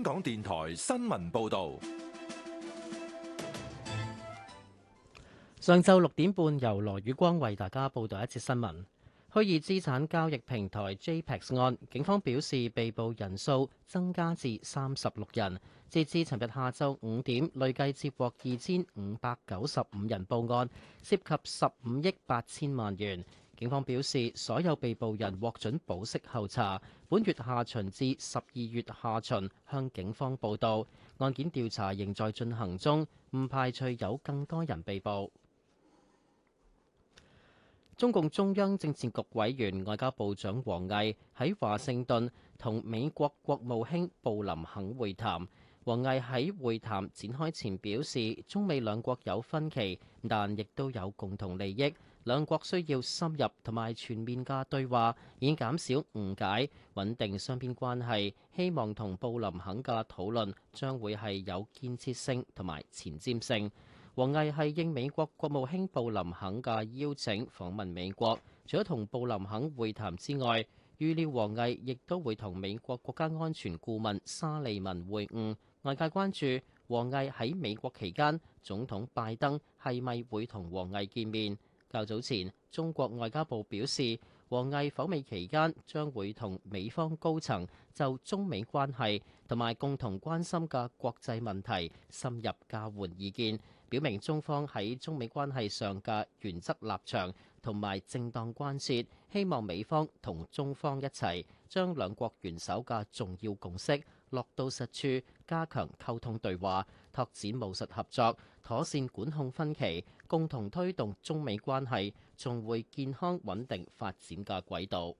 香港電台新聞報道：上晝六點半，由羅宇光為大家報道一節新聞。虛擬資產交易平台 JPEX 案，警方表示被捕人數增加至三十六人。截至尋日下晝五點，累計接獲二千五百九十五人報案，涉及十五億八千萬元。警方表示，所有被捕人獲准保釋候查，本月下旬至十二月下旬向警方報到。案件調查仍在進行中，唔排除有更多人被捕。中共中央政治局委員、外交部長王毅喺華盛頓同美國國務卿布林肯會談。王毅喺會談展開前表示，中美兩國有分歧，但亦都有共同利益。兩國需要深入同埋全面嘅對話，以減少誤解，穩定雙邊關係。希望同布林肯嘅討論將會係有建設性同埋前瞻性。王毅係應美國國務卿布林肯嘅邀請訪問美國，除咗同布林肯會談之外，預料王毅亦都會同美國國家安全顧問沙利文會晤。外界關注王毅喺美國期間，總統拜登係咪會同王毅見面？較早前，中國外交部表示，王毅訪美期間將會同美方高層就中美關係同埋共同關心嘅國際問題深入交換意見，表明中方喺中美關係上嘅原則立場同埋正當關切，希望美方同中方一齊將兩國元首嘅重要共識落到實處，加強溝通對話，拓展務實合作，妥善管控分歧。共同推動中美關係，重回健康穩定發展嘅軌道。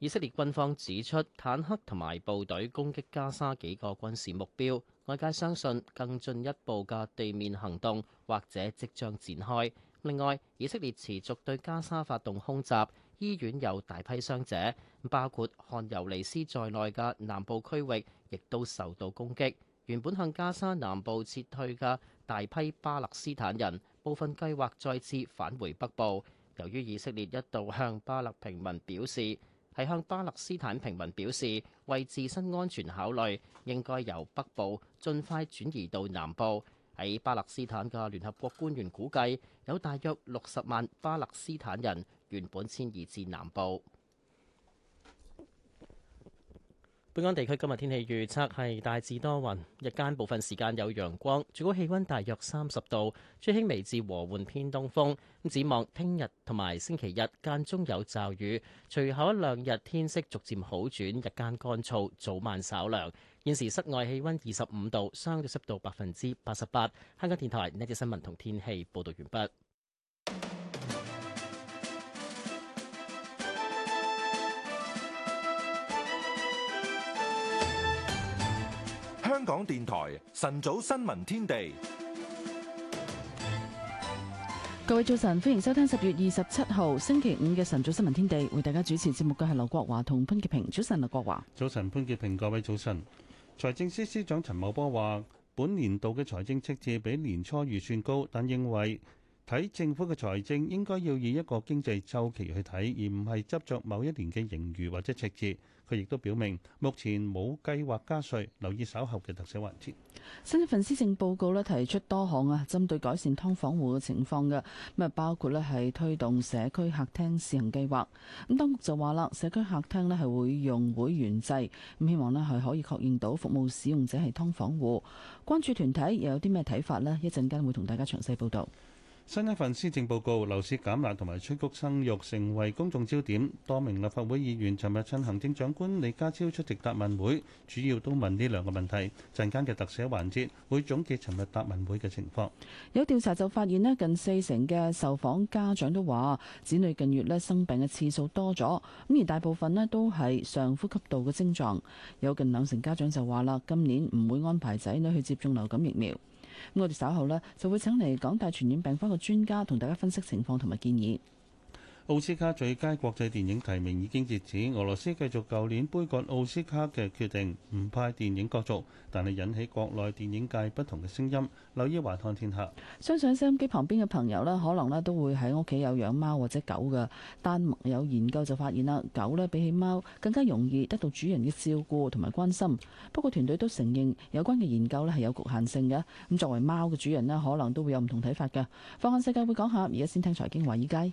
以色列軍方指出，坦克同埋部隊攻擊加沙幾個軍事目標，外界相信更進一步嘅地面行動或者即將展開。另外，以色列持續對加沙發動空襲，醫院有大批傷者，包括漢尤尼斯在內嘅南部區域亦都受到攻擊。原本向加沙南部撤退嘅大批巴勒斯坦人，部分計劃再次返回北部，由於以色列一度向巴勒平民表示，係向巴勒斯坦平民表示，為自身安全考慮，應該由北部盡快轉移到南部。喺巴勒斯坦嘅聯合國官員估計，有大約六十萬巴勒斯坦人原本遷移至南部。本港地區今日天氣預測係大致多雲，日間部分時間有陽光，最高氣溫大約三十度，吹輕微至和緩偏東風。咁展望聽日同埋星期日間中有驟雨，隨後一兩日天色逐漸好轉，日間乾燥，早晚稍涼。現時室外氣溫二十五度，相對濕度百分之八十八。香港電台呢隻新聞同天氣報道完畢。香港電台晨早新聞天地，各位早晨，歡迎收聽十月二十七號星期五嘅晨早新聞天地，為大家主持節目嘅係劉國華同潘潔平，早晨劉國華，早晨潘潔平，各位早晨。財政司司長陳茂波話，本年度嘅財政赤字比年初預算高，但認為，睇政府嘅財政應該要以一個經濟週期去睇，而唔係執着某一年嘅盈餘或者赤字。佢亦都表明目前冇計劃加稅。留意稍後嘅特寫環節。新一份施政報告咧提出多項啊，針對改善㓥房戶嘅情況嘅咁啊，包括咧係推動社區客廳試行計劃，咁當局就話啦，社區客廳咧係會用會員制咁，希望咧係可以確認到服務使用者係劏房戶。關注團體又有啲咩睇法咧？一陣間會同大家詳細報道。新一份施政報告，樓市減壓同埋催谷生育成為公眾焦點。多名立法會議員尋日趁行政長官李家超出席答問會，主要都問呢兩個問題。陣間嘅特寫環節會總結尋日答問會嘅情況。有調查就發現咧，近四成嘅受訪家長都話，子女近月咧生病嘅次數多咗，咁而大部分咧都係上呼吸道嘅症狀。有近兩成家長就話啦，今年唔會安排仔女去接種流感疫苗。咁我哋稍後呢，就會請嚟港大傳染病科嘅專家同大家分析情況同埋建議。奧斯卡最佳國際電影提名已經截止，俄羅斯繼續舊年杯葛奧斯卡嘅決定，唔派電影角逐，但係引起國內電影界不同嘅聲音。劉依華看天下。相信收音機旁邊嘅朋友呢，可能呢都會喺屋企有養貓或者狗嘅，但有研究就發現啦，狗呢比起貓更加容易得到主人嘅照顧同埋關心。不過團隊都承認有關嘅研究呢係有局限性嘅。咁作為貓嘅主人呢，可能都會有唔同睇法嘅。放眼世界會講下，而家先聽財經話事雞。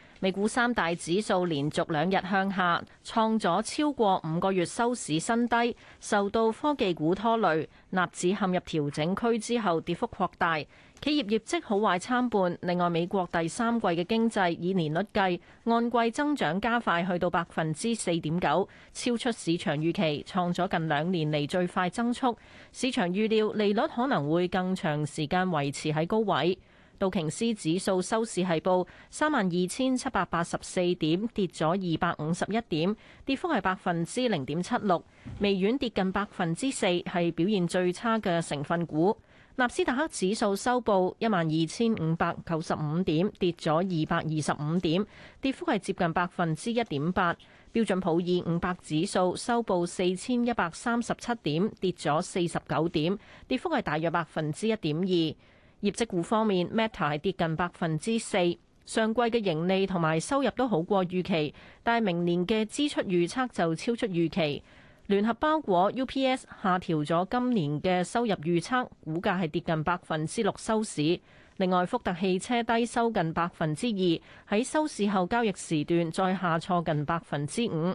美股三大指數連續兩日向下，創咗超過五個月收市新低，受到科技股拖累，納指陷入調整區之後，跌幅擴大。企業業績好壞參半。另外，美國第三季嘅經濟以年率計，按季增長加快，去到百分之四點九，超出市場預期，創咗近兩年嚟最快增速。市場預料利率可能會更長時間維持喺高位。道瓊斯指數收市係報三萬二千七百八十四點，跌咗二百五十一點，跌幅係百分之零點七六，微軟跌近百分之四，係表現最差嘅成分股。納斯達克指數收報一萬二千五百九十五點，跌咗二百二十五點，跌幅係接近百分之一點八。標準普爾五百指數收報四千一百三十七點，跌咗四十九點，跌幅係大約百分之一點二。業績股方面，Meta 係跌近百分之四，上季嘅盈利同埋收入都好過預期，但係明年嘅支出預測就超出預期。聯合包裹 UPS 下調咗今年嘅收入預測，股價係跌近百分之六收市。另外，福特汽車低收近百分之二，喺收市後交易時段再下挫近百分之五。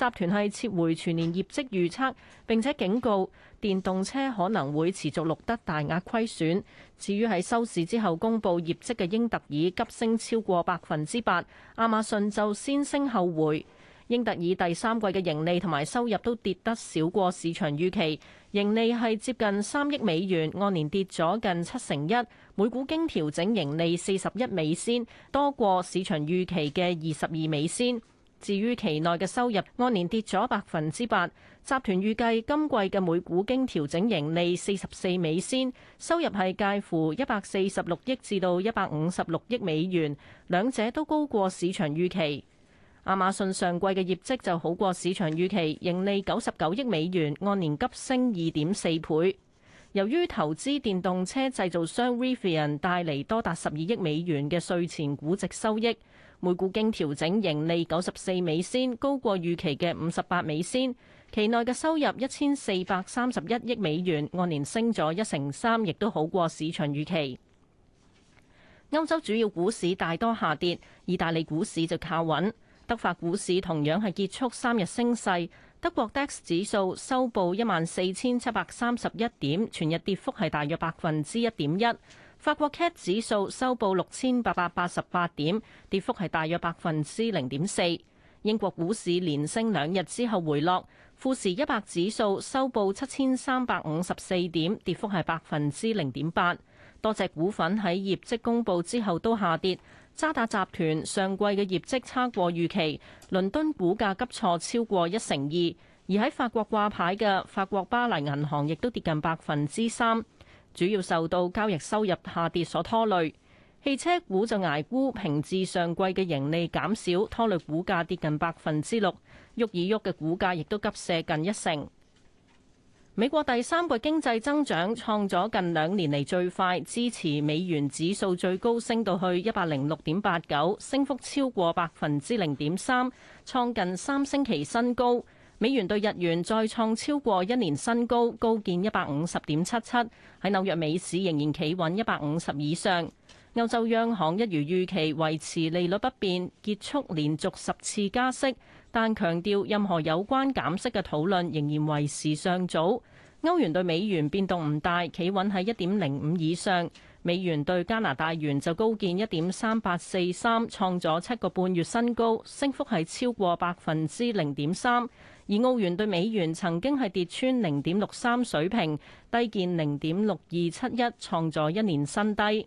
集團係撤回全年業績預測，並且警告電動車可能會持續錄得大額虧損。至於喺收市之後公布業績嘅英特爾急升超過百分之八，亞馬遜就先升後回。英特爾第三季嘅盈利同埋收入都跌得少過市場預期，盈利係接近三億美元，按年跌咗近七成一，每股經調整盈利四十一美仙，多過市場預期嘅二十二美仙。至於期內嘅收入按年跌咗百分之八，集團預計今季嘅每股經調整盈利四十四美仙，收入係介乎一百四十六億至到一百五十六億美元，兩者都高過市場預期。亞馬遜上季嘅業績就好過市場預期，盈利九十九億美元，按年急升二點四倍。由於投資電動車製造商 Rivian 帶嚟多達十二億美元嘅稅前估值收益。每股經調整盈利九十四美仙，高過預期嘅五十八美仙。期內嘅收入一千四百三十一億美元，按年升咗一成三，亦都好過市場預期。歐洲主要股市大多下跌，意大利股市就靠穩，德法股市同樣係結束三日升勢。德國 DAX 指數收報一萬四千七百三十一點，全日跌幅係大約百分之一點一。法國 CAC 指數收報六千八百八十八點，跌幅係大約百分之零點四。英國股市連升兩日之後回落，富時一百指數收報七千三百五十四點，跌幅係百分之零點八。多隻股份喺業績公布之後都下跌。渣打集團上季嘅業績差過預期，倫敦股價急挫超過一成二。而喺法國掛牌嘅法國巴黎銀行亦都跌近百分之三。主要受到交易收入下跌所拖累，汽車股就捱沽，平治上季嘅盈利減少，拖累股價跌近百分之六。沃爾沃嘅股價亦都急瀉近一成。美國第三季經濟增長創咗近兩年嚟最快，支持美元指數最高升到去一百零六點八九，升幅超過百分之零點三，創近三星期新高。美元兌日元再創超過一年新高，高見一百五十點七七。喺紐約美市仍然企穩一百五十以上。歐洲央行一如預期維持利率不變，結束連續十次加息，但強調任何有關減息嘅討論仍然為時尚早。歐元對美元變動唔大，企穩喺一點零五以上。美元對加拿大元就高見一點三八四三，創咗七個半月新高，升幅係超過百分之零點三。而澳元對美元曾經係跌穿零點六三水平，低見零點六二七一，創作一年新低。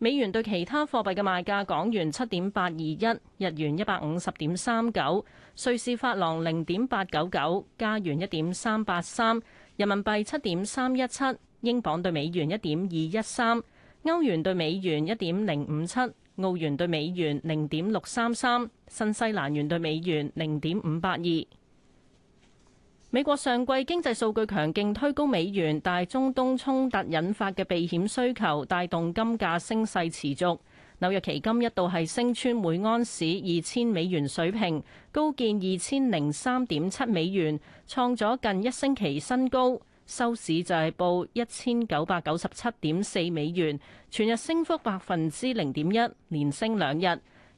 美元對其他貨幣嘅賣價：港元七點八二一，日元一百五十點三九，瑞士法郎零點八九九，加元一點三八三，人民幣七點三一七，英鎊對美元一點二一三，歐元對美元一點零五七，澳元對美元零點六三三，新西蘭元對美元零點五八二。美國上季經濟數據強勁，推高美元，但中東衝突引發嘅避險需求帶動金價升勢持續。紐約期金一度係升穿每安士二千美元水平，高見二千零三點七美元，創咗近一星期新高，收市就係報一千九百九十七點四美元，全日升幅百分之零點一，連升兩日。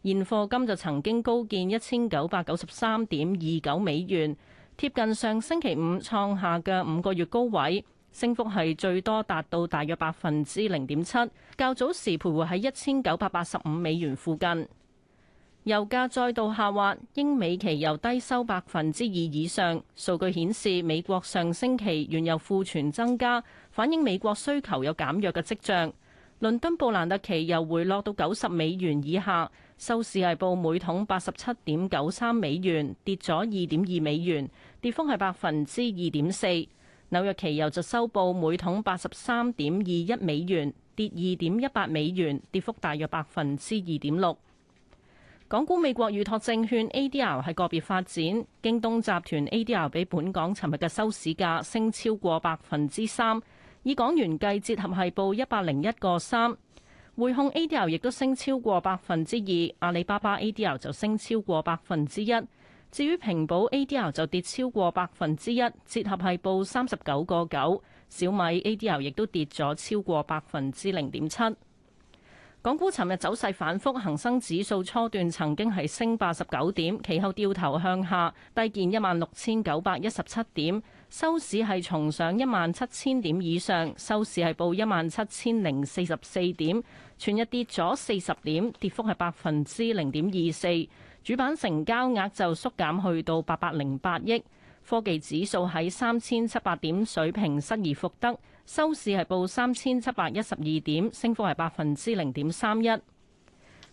現貨金就曾經高見一千九百九十三點二九美元。貼近上星期五創下嘅五個月高位，升幅係最多達到大約百分之零點七。較早時徘徊喺一千九百八十五美元附近。油價再度下滑，英美期油低收百分之二以上。數據顯示美國上星期原油庫存增加，反映美國需求有減弱嘅跡象。倫敦布蘭特期油回落到九十美元以下，收市係報每桶八十七點九三美元，跌咗二點二美元。跌幅係百分之二點四，紐約期油就收報每桶八十三點二一美元，跌二點一八美元，跌幅大約百分之二點六。港股美國預託證券 ADR 係個別發展，京東集團 ADR 比本港尋日嘅收市價升超過百分之三，以港元計，折合係報一百零一個三。匯控 ADR 亦都升超過百分之二，阿里巴巴 ADR 就升超過百分之一。至於平保 ADR 就跌超過百分之一，折合係報三十九個九。小米 ADR 亦都跌咗超過百分之零點七。港股尋日走勢反覆，恒生指數初段曾經係升八十九點，其後掉頭向下，低見一萬六千九百一十七點。收市係重上一萬七千點以上，收市係報一萬七千零四十四點，全日跌咗四十點，跌幅係百分之零點二四。主板成交額就縮減去到八百零八億，科技指數喺三千七百點水平失而復得，收市係報三千七百一十二點，升幅係百分之零點三一。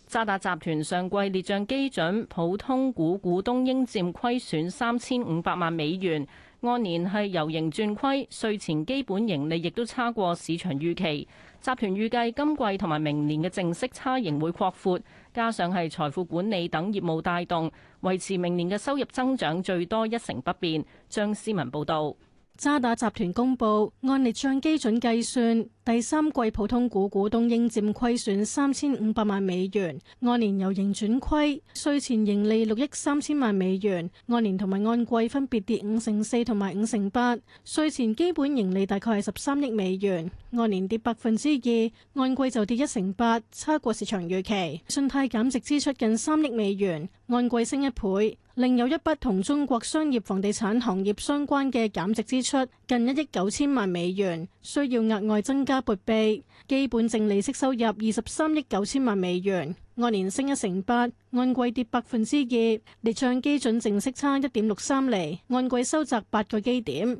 渣打集團上季列賬基準普通股股東應佔虧損三千五百萬美元，按年係由盈轉虧，稅前基本盈利亦都差過市場預期。集團預計今季同埋明年嘅淨息差仍會擴闊。加上係財富管理等業務帶動，維持明年嘅收入增長最多一成不變。張思文報導，渣打集團公佈按列賬基準計算。第三季普通股股東應佔虧損三千五百萬美元，按年由盈轉虧，稅前盈利六億三千萬美元，按年同埋按季分別跌五成四同埋五成八，稅前基本盈利大概係十三億美元，按年跌百分之二，按季就跌一成八，差過市場預期。信貸減值支出近三億美元，按季升一倍，另有一筆同中國商業房地產行業相關嘅減值支出近一億九千萬美元，需要額外增加。撥備。基本淨利息收入二十三億九千萬美元，按年升一成八，按季跌百分之二，列賬基準淨息差一點六三厘，按季收窄八個基點。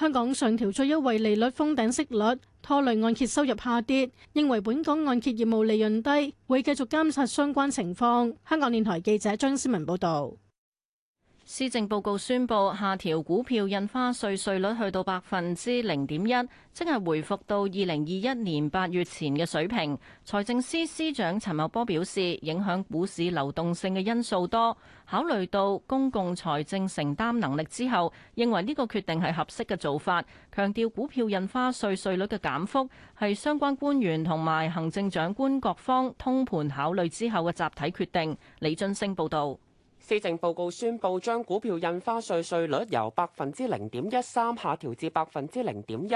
香港上調最優惠利率封頂息率，拖累按揭收入下跌，認為本港按揭業務利潤低，會繼續監察相關情況。香港電台記者張思文報道。施政報告宣布下調股票印花稅稅率去到百分之零點一，即係回復到二零二一年八月前嘅水平。財政司司長陳茂波表示，影響股市流動性嘅因素多，考慮到公共財政承擔能力之後，認為呢個決定係合適嘅做法。強調股票印花稅稅率嘅減幅係相關官員同埋行政長官各方通盤考慮之後嘅集體決定。李津升報導。施政報告宣布將股票印花稅稅率由百分之零點一三下調至百分之零點一，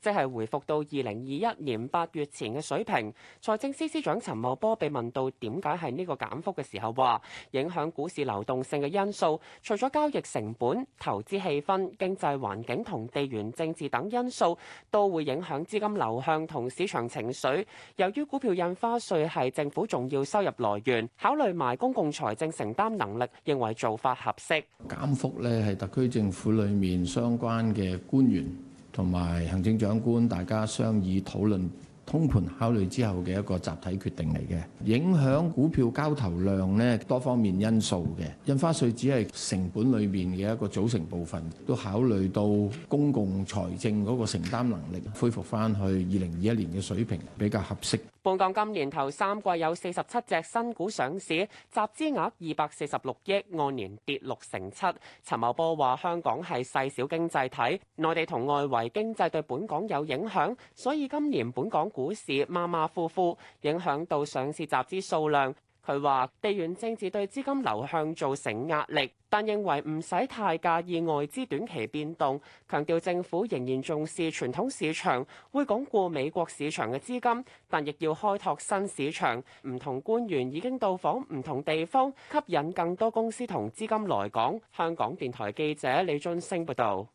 即係回復到二零二一年八月前嘅水平。財政司司長陳茂波被問到點解係呢個減幅嘅時候，話影響股市流動性嘅因素，除咗交易成本、投資氣氛、經濟環境同地緣政治等因素，都會影響資金流向同市場情緒。由於股票印花稅係政府重要收入來源，考慮埋公共財政承擔能力。認為做法合適，減幅咧係特區政府裡面相關嘅官員同埋行政長官大家商議討論。通盤考慮之後嘅一個集體決定嚟嘅，影響股票交投量呢多方面因素嘅，印花稅只係成本裏面嘅一個組成部分，都考慮到公共財政嗰個承擔能力，恢復翻去二零二一年嘅水平比較合適。本港今年頭三季有四十七隻新股上市，集資額二百四十六億，按年跌六成七。陳茂波話：香港係細小經濟體，內地同外圍經濟對本港有影響，所以今年本港股市馬馬虎虎，影響到上市集資數量。佢話地緣政治對資金流向造成壓力，但認為唔使太介意外資短期變動。強調政府仍然重視傳統市場，會鞏固美國市場嘅資金，但亦要開拓新市場。唔同官員已經到訪唔同地方，吸引更多公司同資金來港。香港電台記者李俊升報道。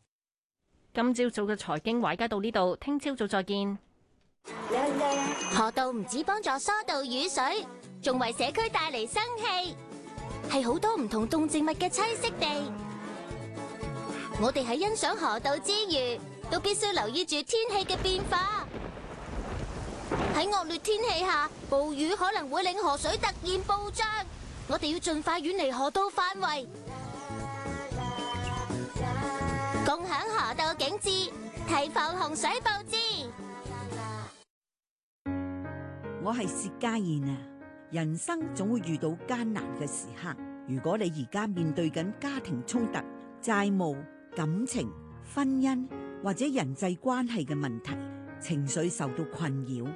今朝早嘅財經快街到呢度，聽朝早再見。河道唔止幫助疏導雨水，仲為社區帶嚟生氣，係好多唔同動植物嘅棲息地。我哋喺欣賞河道之餘，都必須留意住天氣嘅變化。喺惡劣天氣下，暴雨可能會令河水突然暴漲，我哋要盡快遠離河道範圍，共享河道景致，提防洪水暴至。我係薛家燕啊！人生總會遇到艱難嘅時刻，如果你而家面對緊家庭衝突、債務、感情、婚姻或者人際關係嘅問題，情緒受到困擾，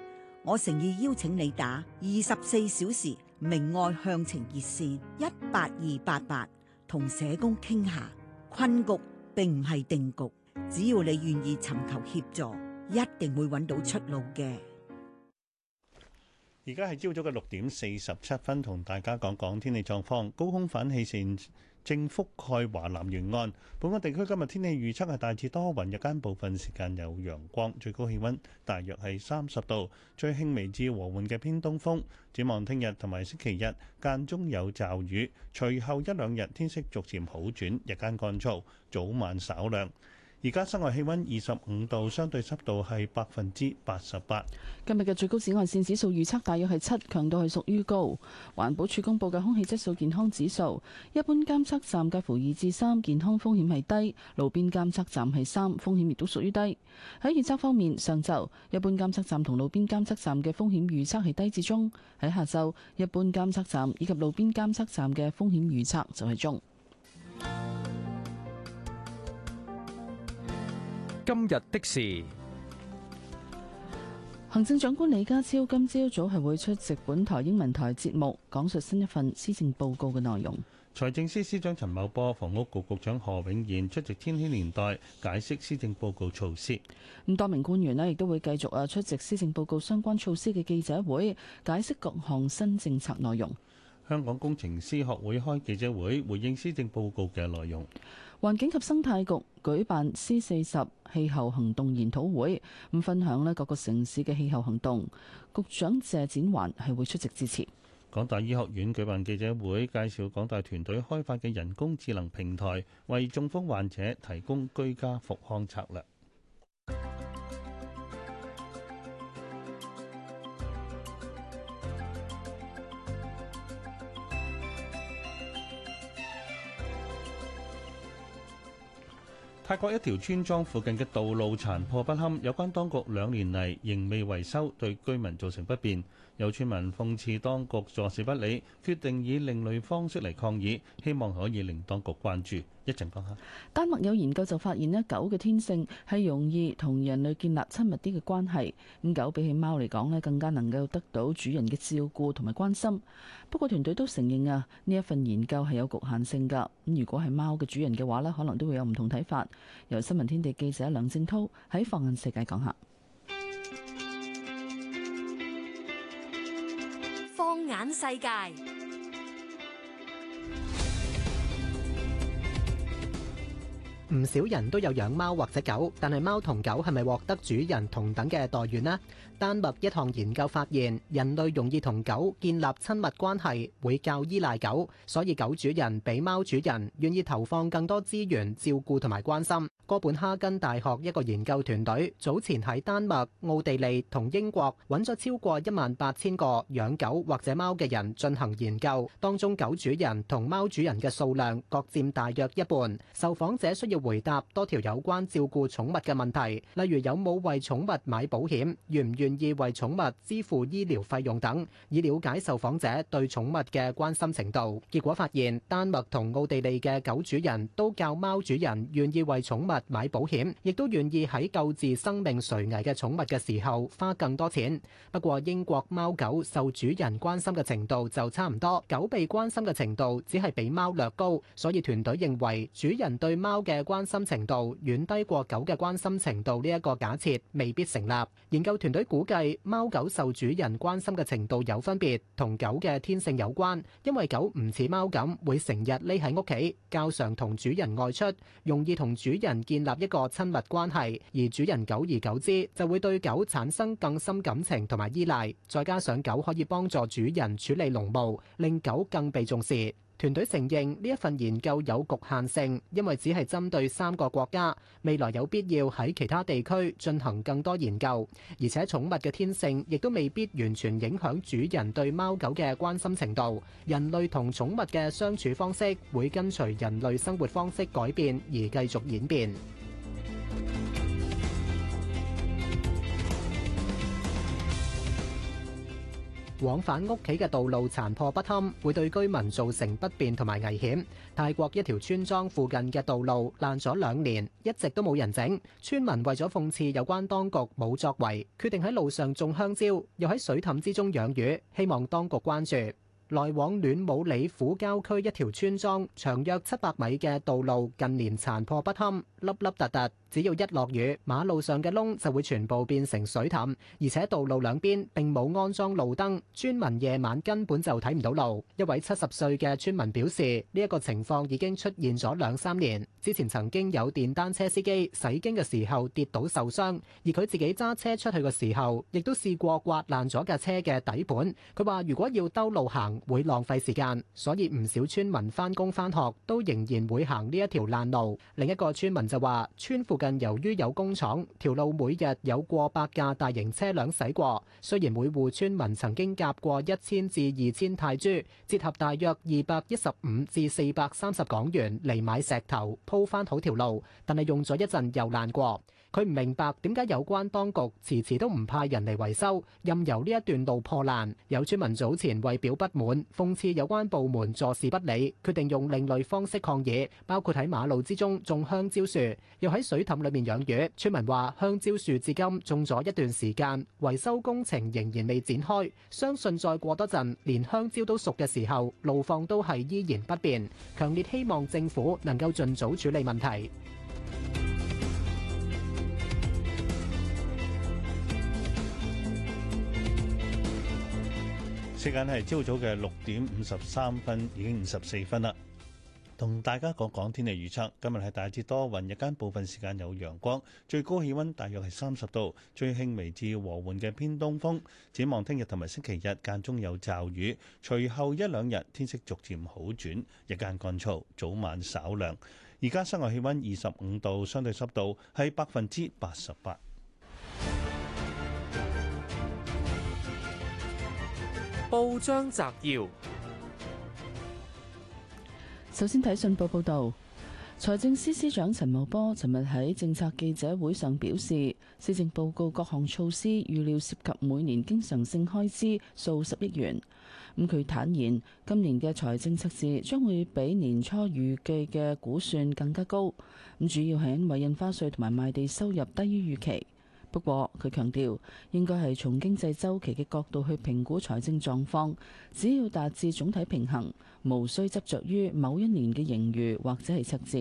我誠意邀請你打二十四小時明愛向情熱線一八二八八，同社工傾下。困局並唔係定局，只要你願意尋求協助，一定會搵到出路嘅。而家係朝早嘅六點四十七分，同大家講講天氣狀況。高空反氣旋正覆蓋華南沿岸，本港地區今日天氣預測係大致多雲，日間部分時間有陽光，最高氣溫大約係三十度，最輕微至和緩嘅偏東風。展望聽日同埋星期日，間中有驟雨，隨後一兩日天色逐漸好轉，日間乾燥，早晚稍涼。而家室外氣溫二十五度，相對濕度係百分之八十八。今日嘅最高紫外線指數預測大約係七，強度係屬於高。環保署公布嘅空氣質素健康指數，一般監測站介乎二至三，健康風險係低；路邊監測站係三，風險亦都屬於低。喺預測方面，上晝一般監測站同路邊監測站嘅風險預測係低至中；喺下晝一般監測站以及路邊監測站嘅風險預測就係中。今日的事，行政長官李家超今朝早係會出席本台英文台節目，講述新一份施政報告嘅內容。財政司司長陳茂波、房屋局局長何永賢出席《天天年代》解釋施政報告措施。咁多名官員咧亦都會繼續啊出席施政報告相關措施嘅記者會，解釋各項新政策內容。香港工程師學會開記者會回應施政報告嘅內容。環境及生態局舉辦 C 四十氣候行動研討會，咁分享呢各個城市嘅氣候行動。局長謝展環係會出席支持。港大醫學院舉辦記者會，介紹港大團隊開發嘅人工智能平台，為中風患者提供居家復康策略。泰國一條村莊附近嘅道路殘破不堪，有關當局兩年嚟仍未維修，對居民造成不便。有村民諷刺當局坐視不理，決定以另類方式嚟抗議，希望可以令當局關注。一陣講下。丹麥有研究就發現咧，狗嘅天性係容易同人類建立親密啲嘅關係。咁狗比起貓嚟講咧，更加能夠得到主人嘅照顧同埋關心。不過團隊都承認啊，呢一份研究係有局限性㗎。咁如果係貓嘅主人嘅話咧，可能都會有唔同睇法。由新聞天地記者梁正濤喺放眼世界講下。世界，唔少人都有養貓或者狗，但係貓同狗係咪獲得主人同等嘅待遇呢？丹麥一項研究發現，人類容易同狗建立親密關係，會較依賴狗，所以狗主人比貓主人願意投放更多資源照顧同埋關心。哥本哈根大學一個研究團隊早前喺丹麥、奧地利同英國揾咗超過一萬八千個養狗或者貓嘅人進行研究，當中狗主人同貓主人嘅數量各佔大約一半。受訪者需要回答多條有關照顧寵物嘅問題，例如有冇為寵物買保險，願唔願願意為寵物支付醫療費用等，以了解受訪者對寵物嘅關心程度。結果發現，丹麥同奧地利嘅狗主人都較貓主人願意為寵物買保險，亦都願意喺救治生命垂危嘅寵物嘅時候花更多錢。不過，英國貓狗受主人關心嘅程度就差唔多，狗被關心嘅程度只係比貓略高，所以團隊認為主人對貓嘅關心程度遠低過狗嘅關心程度呢一個假設未必成立。研究團隊估。估計貓狗受主人關心嘅程度有分別，同狗嘅天性有關。因為狗唔似貓咁會成日匿喺屋企，較常同主人外出，容易同主人建立一個親密關係。而主人久而久之就會對狗產生更深感情同埋依賴。再加上狗可以幫助主人處理農務，令狗更被重視。團隊承認呢一份研究有局限性，因為只係針對三個國家，未來有必要喺其他地區進行更多研究。而且寵物嘅天性亦都未必完全影響主人對貓狗嘅關心程度。人類同寵物嘅相處方式會跟隨人類生活方式改變而繼續演變。往返屋企嘅道路殘破不堪，會對居民造成不便同埋危險。泰國一條村莊附近嘅道路爛咗兩年，一直都冇人整。村民為咗諷刺有關當局冇作為，決定喺路上種香蕉，又喺水凼之中養魚，希望當局關注。來往暖武里府郊區一條村莊，長約七百米嘅道路近年殘破不堪，凹凹凸凸，只要一落雨，馬路上嘅窿就會全部變成水凼，而且道路兩邊並冇安裝路燈，村民夜晚根本就睇唔到路。一位七十歲嘅村民表示，呢一個情況已經出現咗兩三年，之前曾經有電單車司機駛經嘅時候跌倒受傷，而佢自己揸車出去嘅時候，亦都試過刮爛咗架車嘅底盤。佢話：如果要兜路行，會浪費時間，所以唔少村民翻工翻學都仍然會行呢一條爛路。另一個村民就話：村附近由於有工廠，條路每日有過百架大型車輛駛過。雖然每戶村民曾經夾過一千至二千泰銖，折合大約二百一十五至四百三十港元嚟買石頭鋪翻好條路，但係用咗一陣又爛過。佢唔明白點解有關當局遲遲都唔派人嚟維修，任由呢一段路破爛。有村民早前為表不滿，諷刺有關部門坐視不理，決定用另類方式抗議，包括喺馬路之中種香蕉樹，又喺水凼裏面養魚。村民話：香蕉樹至今種咗一段時間，維修工程仍然未展開。相信再過多陣，連香蕉都熟嘅時候，路況都係依然不變。強烈希望政府能夠盡早處理問題。時間係朝早嘅六點五十三分，已經五十四分啦。同大家講講天氣預測，今日係大致多雲，日間部分時間有陽光，最高氣溫大約係三十度，最輕微至和緩嘅偏東風。展望聽日同埋星期日間中有驟雨，隨後一兩日天色逐漸好轉，日間乾燥，早晚稍涼。而家室外氣溫二十五度，相對濕度係百分之八十八。報章摘要：首先睇信報報道，財政司司長陳茂波尋日喺政策記者會上表示，施政報告各項措施預料涉及每年經常性開支數十億元。咁佢坦言，今年嘅財政測試將會比年初預計嘅估算更加高。咁主要係因為印花稅同埋賣地收入低於預期。不過，佢強調應該係從經濟周期嘅角度去評估財政狀況，只要達至總體平衡，無需執着於某一年嘅盈餘或者係赤字。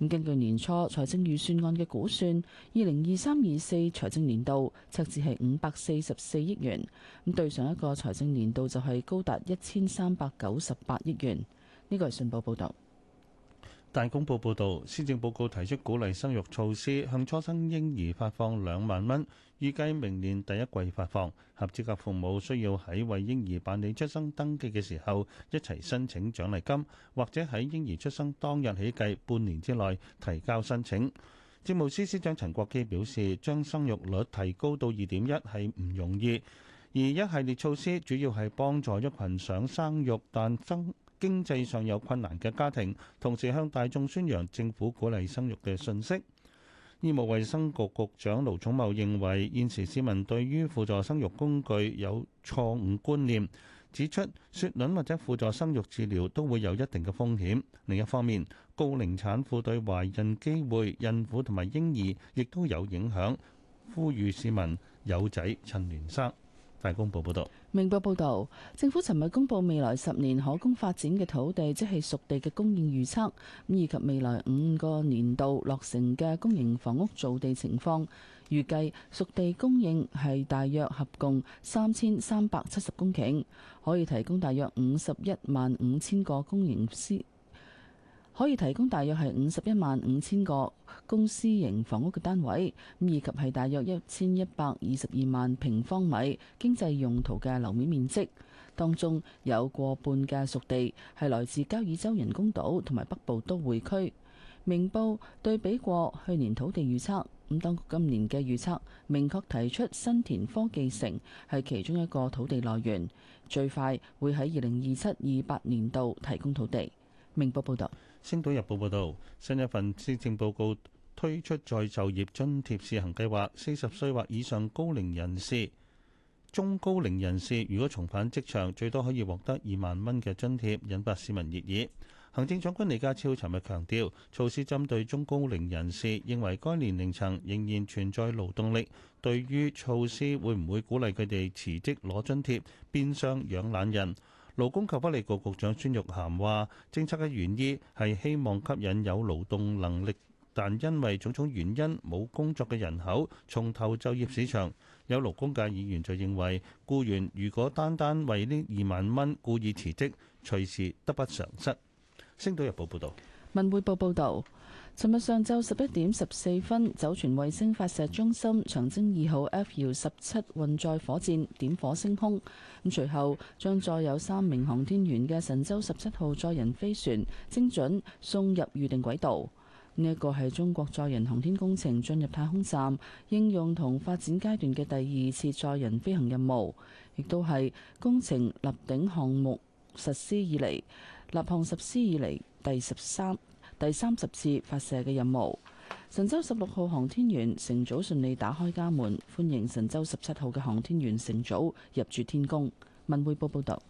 咁根據年初財政預算案嘅估算，二零二三二四財政年度赤字係五百四十四億元，咁對上一個財政年度就係高達一千三百九十八億元。呢個係信報報導。大公報報導，施政報告提出鼓勵生育措施，向初生嬰兒發放兩萬蚊，預計明年第一季發放。合資格父母需要喺為嬰兒辦理出生登記嘅時候一齊申請獎勵金，或者喺嬰兒出生當日起計半年之內提交申請。政務司司長陳國基表示，將生育率提高到二點一係唔容易，而一系列措施主要係幫助一群想生育但生經濟上有困難嘅家庭，同時向大眾宣揚政府鼓勵生育嘅信息。醫務衛生局局長盧寵茂認為，現時市民對於輔助生育工具有錯誤觀念，指出雪卵或者輔助生育治療都會有一定嘅風險。另一方面，高齡產婦對懷孕機會、孕婦同埋嬰兒亦都有影響，呼籲市民有仔趁年生。大公報報道，明報報道，政府尋日公布未來十年可供發展嘅土地，即係熟地嘅供應預測，以及未來五個年度落成嘅公營房屋造地情況。預計熟地供應係大約合共三千三百七十公頃，可以提供大約五十一萬五千個公營私。可以提供大約係五十一萬五千個公私營房屋嘅單位，以及係大約一千一百二十二萬平方米經濟用途嘅樓面面積。當中有過半嘅熟地係來自交椅洲人工島同埋北部都會區。明報對比過去年土地預測，咁當局今年嘅預測明確提出新田科技城係其中一個土地來源，最快會喺二零二七二八年度提供土地。明報報道。《星島日報》報導，新一份施政報告推出再就業津貼試行計劃，四十歲或以上高齡人士、中高齡人士如果重返職場，最多可以獲得二萬蚊嘅津貼，引發市民熱議。行政長官李家超尋日強調，措施針對中高齡人士，認為該年齡層仍然存在勞動力，對於措施會唔會鼓勵佢哋辭職攞津貼，變相養懶人？勞工及福利局局長孫玉菡話，政策嘅原意係希望吸引有勞動能力但因為種種原因冇工作嘅人口重投就業市場。有勞工界議員就認為，僱員如果單單為呢二萬蚊故意辭職，隨時得不償失。星島日報報道。文匯報報道。尋日上晝十一點十四分，酒泉衛星發射中心長征二號 F 遙十七運載火箭點火升空，咁隨後將載有三名航天員嘅神舟十七號載人飛船精準送入預定軌道。呢一個係中國載人航天工程進入太空站應用同發展階段嘅第二次載人飛行任務，亦都係工程立項項目實施以嚟立項實施以嚟第十三，第三十次發射嘅任務，神舟十六號航天員乘組順利打開家門，歡迎神舟十七號嘅航天員乘組入駐天宮。文匯報報道。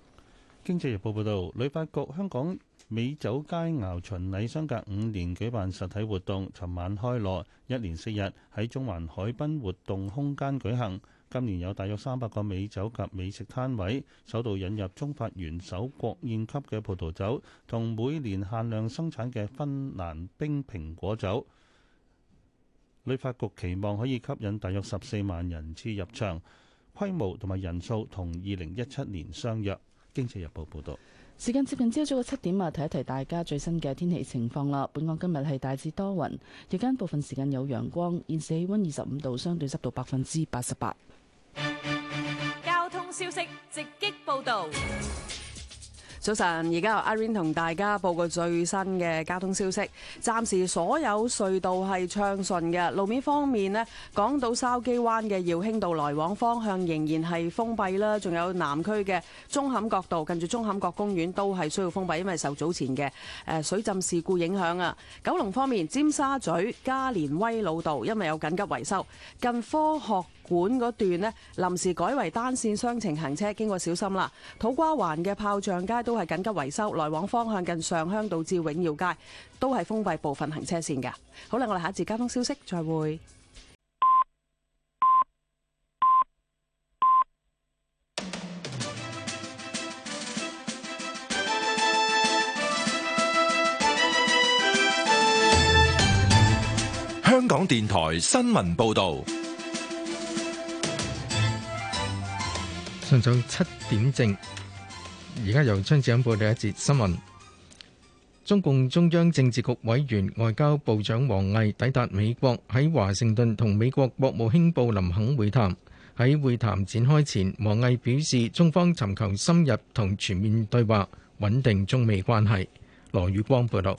經濟日報報道，旅發局香港美酒佳肴巡禮相隔五年舉辦實體活動，尋晚開鑼，一連四日喺中環海濱活動空間舉行。今年有大約三百個美酒及美食攤位，首度引入中法元首國宴級嘅葡萄酒，同每年限量生產嘅芬蘭冰蘋果酒。旅發局期望可以吸引大約十四萬人次入場，規模同埋人數同二零一七年相若。經濟日報報道。時間接近朝早嘅七點啊，提一提大家最新嘅天氣情況啦。本港今日係大致多雲，日間部分時間有陽光，現時氣温二十五度，相對濕度百分之八十八。交通消息直擊報道。早晨，而家由 Irene 同大家報個最新嘅交通消息。暫時所有隧道係暢順嘅，路面方面咧，港島筲箕灣嘅耀興道來往方向仍然係封閉啦。仲有南區嘅舂坎角道，近住舂坎角公園都係需要封閉，因為受早前嘅誒水浸事故影響啊。九龍方面，尖沙咀嘉連威老道因為有緊急維修，近科學。管嗰段咧，臨時改為單線雙程行車，經過小心啦。土瓜灣嘅炮仗街都係緊急維修，來往方向近上鄉道至永耀街都係封閉部分行車線嘅。好啦，我哋下一節交通消息再會。香港電台新聞報導。上晝七點正，而家由張子欣報第一節新聞。中共中央政治局委員、外交部長王毅抵達美國，喺華盛頓同美國國務卿布林肯會談。喺會談展開前，王毅表示，中方尋求深入同全面對話，穩定中美關係。羅宇光報道。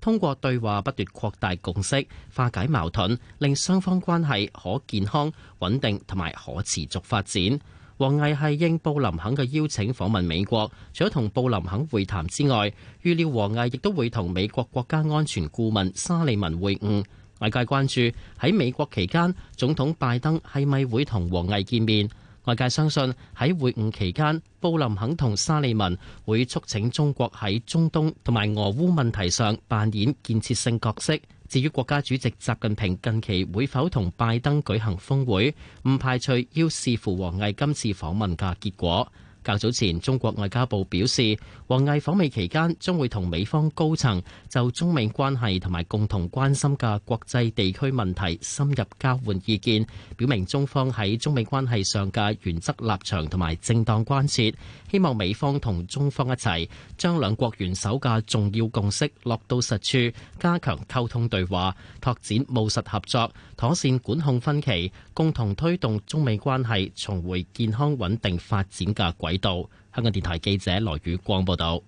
通過對話不斷擴大共識，化解矛盾，令雙方關係可健康、穩定同埋可持續發展。王毅係應布林肯嘅邀請訪問美國，除咗同布林肯會談之外，預料王毅亦都會同美國國家安全顧問沙利文會晤。外界關注喺美國期間，總統拜登係咪會同王毅見面？外界相信喺會晤期間，布林肯同沙利文會促請中國喺中東同埋俄烏問題上扮演建設性角色。至於國家主席習近平近期會否同拜登舉行峰會，唔排除要視乎王毅今次訪問嘅結果。較早前，中國外交部表示，王毅訪美期間將會同美方高層就中美關係同埋共同關心嘅國際地區問題深入交換意見，表明中方喺中美關係上嘅原則立場同埋正當關切，希望美方同中方一齊將兩國元首嘅重要共識落到實處，加強溝通對話，拓展務實合作，妥善管控分歧，共同推動中美關係重回健康穩定發展嘅軌.道。香港電台記者羅宇光報道，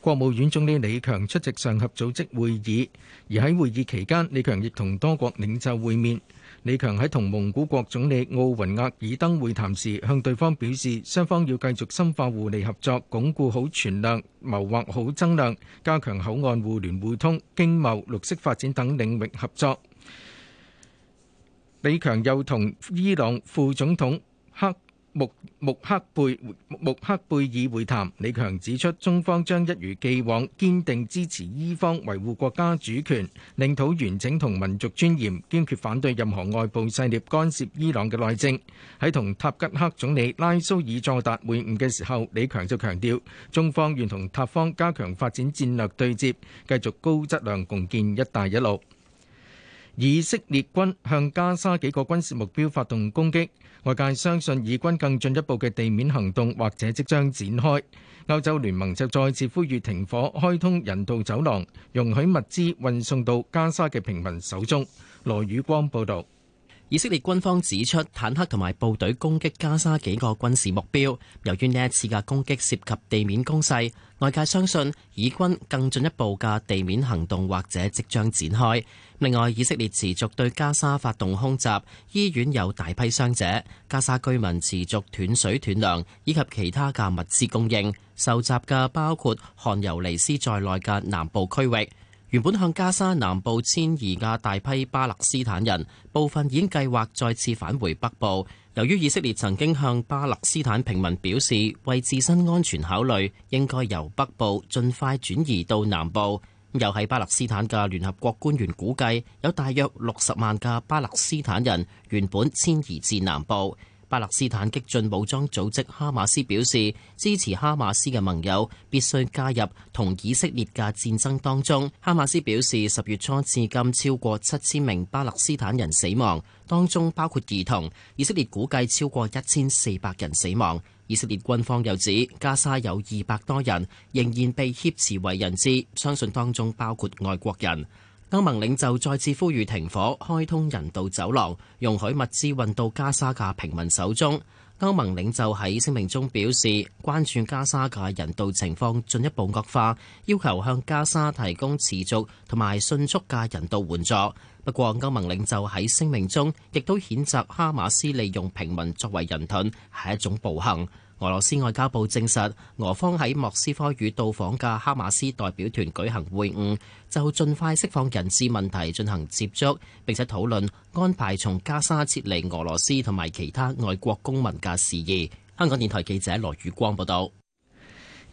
國務院總理李強出席上合組織會議，而喺會議期間，李強亦同多國領袖會面。李強喺同蒙古國總理奧雲額爾登會談時，向對方表示，雙方要繼續深化互利合作，鞏固好存量，謀劃好增量，加強口岸互聯互通、經貿、綠色發展等領域合作。李強又同伊朗副總統黑穆穆克貝穆克貝爾會談，李強指出，中方將一如既往堅定支持伊方維護國家主權、領土完整同民族尊嚴，堅決反對任何外部勢力干涉伊朗嘅內政。喺同塔吉克總理拉蘇爾佐達會晤嘅時候，李強就強調，中方願同塔方加強發展戰略對接，繼續高質量共建一帶一路。以色列軍向加沙幾個軍事目標發動攻擊。外界相信以軍更進一步嘅地面行動或者即將展開，歐洲聯盟就再次呼籲停火，開通人道走廊，容許物資運送到加沙嘅平民手中。羅宇光報道。以色列軍方指出，坦克同埋部隊攻擊加沙幾個軍事目標。由於呢一次嘅攻擊涉及地面攻勢，外界相信以軍更進一步嘅地面行動或者即將展開。另外，以色列持續對加沙發動空襲，醫院有大批傷者，加沙居民持續斷水斷糧以及其他嘅物資供應，受襲嘅包括汗尤尼斯在內嘅南部區域。原本向加沙南部遷移嘅大批巴勒斯坦人，部分已經計劃再次返回北部。由於以色列曾經向巴勒斯坦平民表示，為自身安全考慮，應該由北部盡快轉移到南部。又喺巴勒斯坦嘅聯合國官員估計有大約六十萬嘅巴勒斯坦人原本遷移至南部。巴勒斯坦激進武裝組織哈馬斯表示，支持哈馬斯嘅盟友必須加入同以色列嘅戰爭當中。哈馬斯表示，十月初至今超過七千名巴勒斯坦人死亡，當中包括兒童。以色列估計超過一千四百人死亡。以色列軍方又指，加沙有二百多人仍然被挾持為人質，相信當中包括外國人。歐盟領袖再次呼籲停火，開通人道走廊，容許物資運到加沙嘅平民手中。歐盟領袖喺聲明中表示，關注加沙嘅人道情況進一步惡化，要求向加沙提供持續同埋迅速嘅人道援助。不過，歐盟領袖喺聲明中亦都譴責哈馬斯利用平民作為人盾，係一種暴行。俄羅斯外交部證實，俄方喺莫斯科與到訪嘅哈馬斯代表團舉行會晤，就盡快釋放人質問題進行接觸，並且討論安排從加沙撤離俄羅斯同埋其他外國公民嘅事宜。香港電台記者羅宇光報道。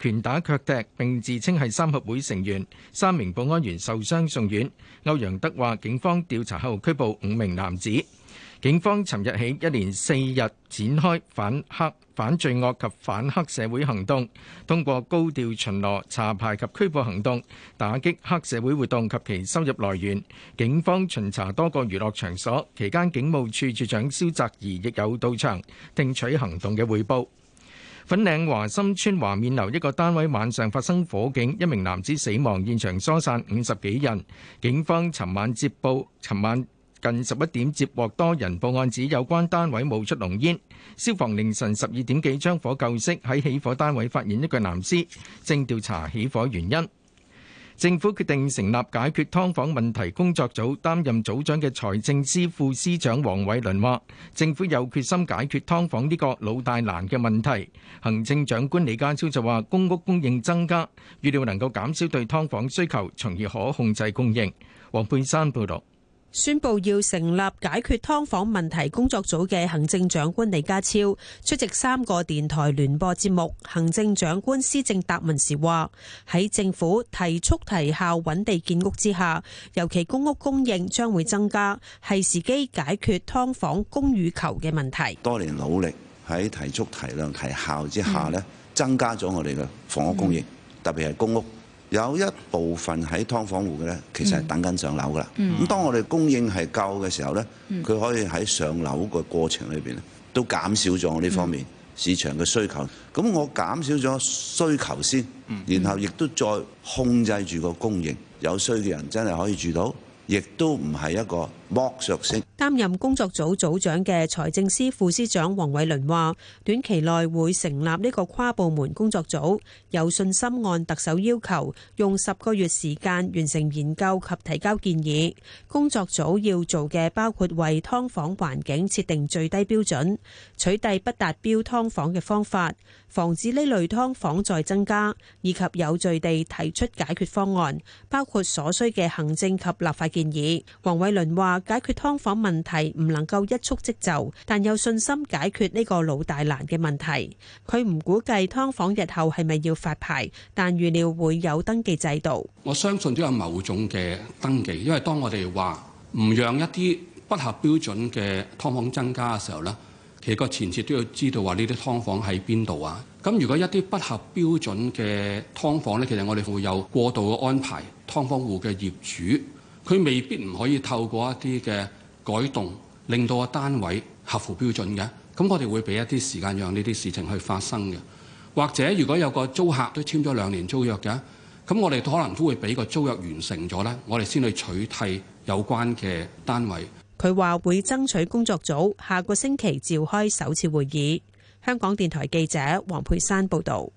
拳打腳踢並自稱係三合會成員，三名保安員受傷送院。歐陽德話警方調查後拘捕五名男子。警方尋日起一連四日展開反黑、反罪惡及反黑社會行動，通過高調巡邏、查牌及拘捕行動，打擊黑社會活動及其收入來源。警方巡查多個娛樂場所，期間警務處處長蕭澤頤亦有到場，聽取行動嘅匯報。粉嶺華心邨華面樓一個單位晚上發生火警，一名男子死亡，現場疏散五十幾人。警方尋晚接報，尋晚近十一點接獲多人報案，指有關單位冒出濃煙。消防凌晨十二點幾將火救熄，喺起火單位發現一個男屍，正調查起火原因。政府決定成立解決劏房問題工作組，擔任組長嘅財政司副司長黃偉綸話：政府有決心解決劏房呢個老大難嘅問題。行政長官李家超就話：公屋供應增加，預料能夠減少對劏房需求，從而可控制供應。黃佩珊報導。宣布要成立解決劏房問題工作組嘅行政長官李家超出席三個電台聯播節目，行政長官施政答問時話：喺政府提速提效揾地建屋之下，尤其公屋供應將會增加，係時機解決劏房供與求嘅問題。多年努力喺提速提量提效之下咧，增加咗我哋嘅房屋供應，嗯、特別係公屋。有一部分喺劏房戶嘅咧，其實係等緊上樓噶啦。咁、嗯、當我哋供應係夠嘅時候咧，佢、嗯、可以喺上樓個過程裏邊都減少咗我呢方面市場嘅需求。咁我減少咗需求先，然後亦都再控制住個供應。有需嘅人真係可以住到，亦都唔係一個。莫著色。擔任工作組組長嘅財政司副司長黃偉綸話：短期內會成立呢個跨部門工作組，有信心按特首要求用十個月時間完成研究及提交建議。工作組要做嘅包括為劏房環境設定最低標準，取締不達標劏房嘅方法，防止呢類劏房再增加，以及有序地提出解決方案，包括所需嘅行政及立法建議。黃偉綸話。解決劏房問題唔能夠一蹴即就，但有信心解決呢個老大難嘅問題。佢唔估計劏房日後係咪要發牌，但預料會有登記制度。我相信都有某種嘅登記，因為當我哋話唔讓一啲不合標準嘅劏房增加嘅時候呢，其實個前設都要知道話呢啲劏房喺邊度啊。咁如果一啲不合標準嘅劏房呢，其實我哋會有過度嘅安排，劏房戶嘅業主。佢未必唔可以透過一啲嘅改動，令到個單位合乎標準嘅。咁我哋會俾一啲時間讓呢啲事情去發生嘅。或者如果有個租客都簽咗兩年租約嘅，咁我哋可能都會俾個租約完成咗咧，我哋先去取締有關嘅單位。佢話會爭取工作組下個星期召開首次會議。香港電台記者黃佩珊報導。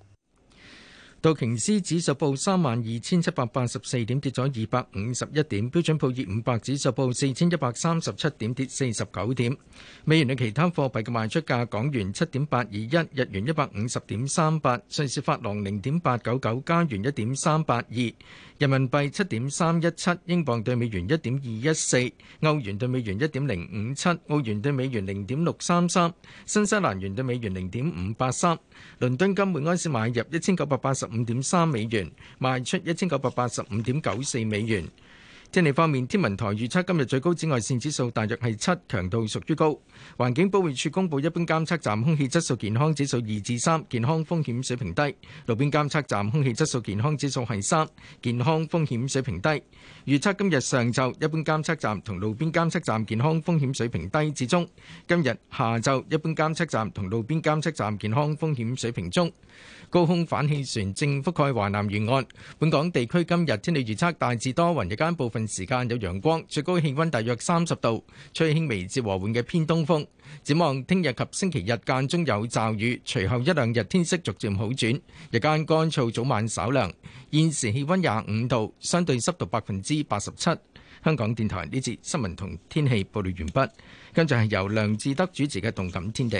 道瓊斯指數報三萬二千七百八十四點，跌咗二百五十一點。標準普爾五百指數報四千一百三十七點，跌四十九點。美元對其他貨幣嘅賣出價：港元七點八二一，日元一百五十點三八，瑞士法郎零點八九九，加元一點三八二。人民幣七點三一七，英鎊對美元一點二一四，歐元對美元一點零五七，澳元對美元零點六三三，新西蘭元對美元零點五八三。倫敦金每安士買入一千九百八十五點三美元，賣出一千九百八十五點九四美元。天氣方面，天文台預測今日最高紫外線指數大約係七，強度屬於高。環境保護署公布一般監測站空氣質素健康指數二至三，健康風險水平低；路邊監測站空氣質素健康指數係三，健康風險水平低。預測今日上晝一般監測站同路邊監測站健康風險水平低至中；今日下晝一般監測站同路邊監測站健康風險水平中。高空反氣旋正覆蓋華南沿岸，本港地區今日天氣預測大致多雲，日間部分時間有陽光，最高氣溫大約三十度，吹輕微至和緩嘅偏東風。展望聽日及星期日間中有驟雨，隨後一兩日天色逐漸好轉，日間乾燥，早晚稍涼。現時氣溫廿五度，相對濕度百分之八十七。香港電台呢節新聞同天氣報道完畢，跟住係由梁志德主持嘅《動感天地》。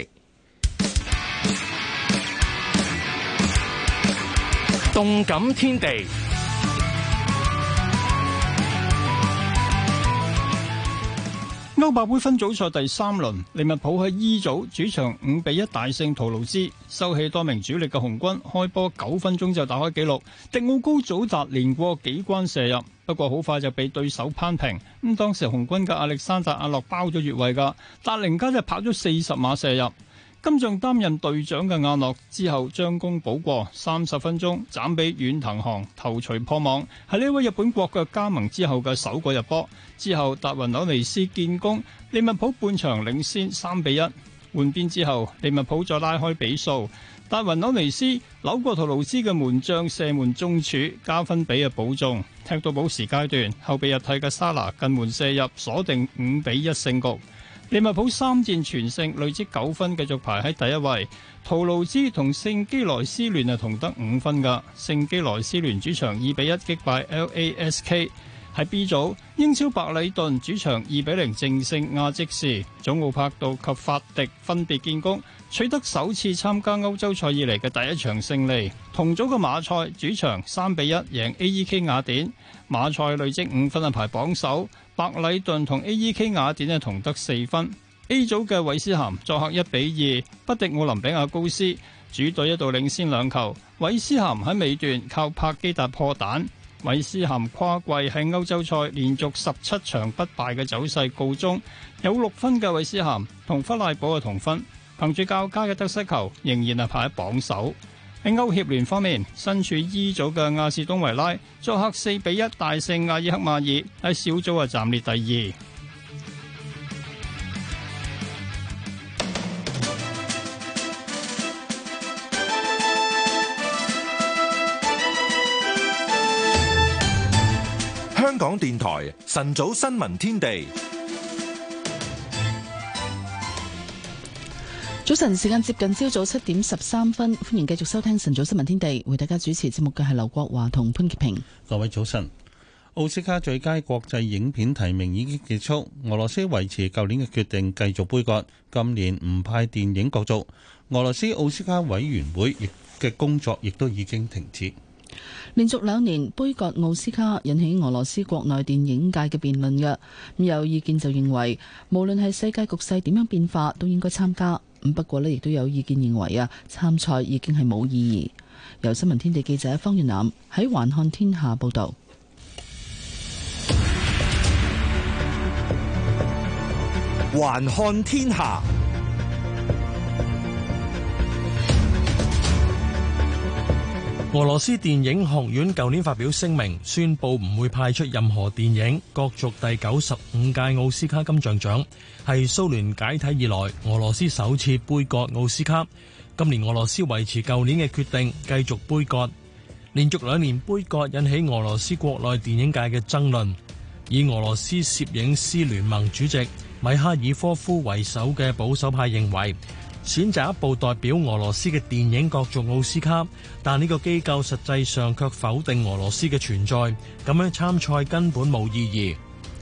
《動感天地》歐霸杯分組賽第三輪，利物浦喺 E 組主場五比一大勝圖盧茲，收起多名主力嘅紅軍，開波九分鐘就打開紀錄，迪奧高祖達連過幾關射入，不過好快就被對手扳平。咁當時紅軍嘅阿力山達阿諾包咗越位噶，達寧加就跑咗四十碼射入。今仗擔任隊長嘅亞諾之後將功補過，三十分鐘斬比遠藤航頭錘破網，係呢位日本國腳加盟之後嘅首個入波。之後達雲紐尼斯建功，利物浦半場領先三比一。換邊之後，利物浦再拉開比數，達雲紐尼斯扭過圖盧斯嘅門將射門中柱，加分比啊保中。踢到補時階段，後備入替嘅沙拿近門射入，鎖定五比一勝局。利物浦三戰全勝，累積九分，繼續排喺第一位。圖盧茲同聖基萊斯聯係同得五分噶。聖基萊斯聯主場二比一擊敗 LASK，喺 B 組。英超白里頓主場二比零淨勝亞積士，總奧柏度及法迪分別建功，取得首次參加歐洲賽以嚟嘅第一場勝利。同組嘅馬賽主場三比一贏 AEK 雅典，馬賽累積五分，一排榜首。白里頓同 A.E.K. 雅典咧同得四分。A 組嘅韋斯咸作客一比二不敵奧林比亞高斯，主隊一度領先兩球。韋斯咸喺尾段靠柏基達破蛋。韋斯咸跨季喺歐洲賽連續十七場不敗嘅走勢告終，有六分嘅韋斯咸同弗賴堡嘅同分，憑住較佳嘅得失球仍然係排喺榜首。喺歐協聯方面，身處 E 組嘅亞士東維拉作客四比一大勝阿爾克馬爾，喺小組啊暫列第二。香港電台晨早新聞天地。早晨，時間接近朝早七點十三分，歡迎繼續收聽晨早新聞天地。為大家主持節目嘅係劉國華同潘潔平。各位早晨。奧斯卡最佳國際影片提名已經結束，俄羅斯維持舊年嘅決定，繼續杯葛。今年唔派電影角逐，俄羅斯奧斯卡委員會亦嘅工作亦都已經停止。連續兩年杯葛奧斯卡，引起俄羅斯國內電影界嘅辯論嘅，咁有意見就認為，無論係世界局勢點樣變化，都應該參加。不過呢，亦都有意見認為啊，參賽已經係冇意義。由新聞天地記者方月南喺《環看天下》報道，《環看天下》。俄羅斯電影學院舊年發表聲明，宣布唔會派出任何電影角逐第九十五屆奧斯卡金像獎，係蘇聯解體以來俄羅斯首次杯葛奧斯卡。今年俄羅斯維持舊年嘅決定，繼續杯葛。連續兩年杯葛引起俄羅斯國內電影界嘅爭論。以俄羅斯攝影師聯盟主席米哈爾科夫為首嘅保守派認為。選擇一部代表俄羅斯嘅電影角逐奧斯卡，但呢個機構實際上卻否定俄羅斯嘅存在，咁樣參賽根本冇意義。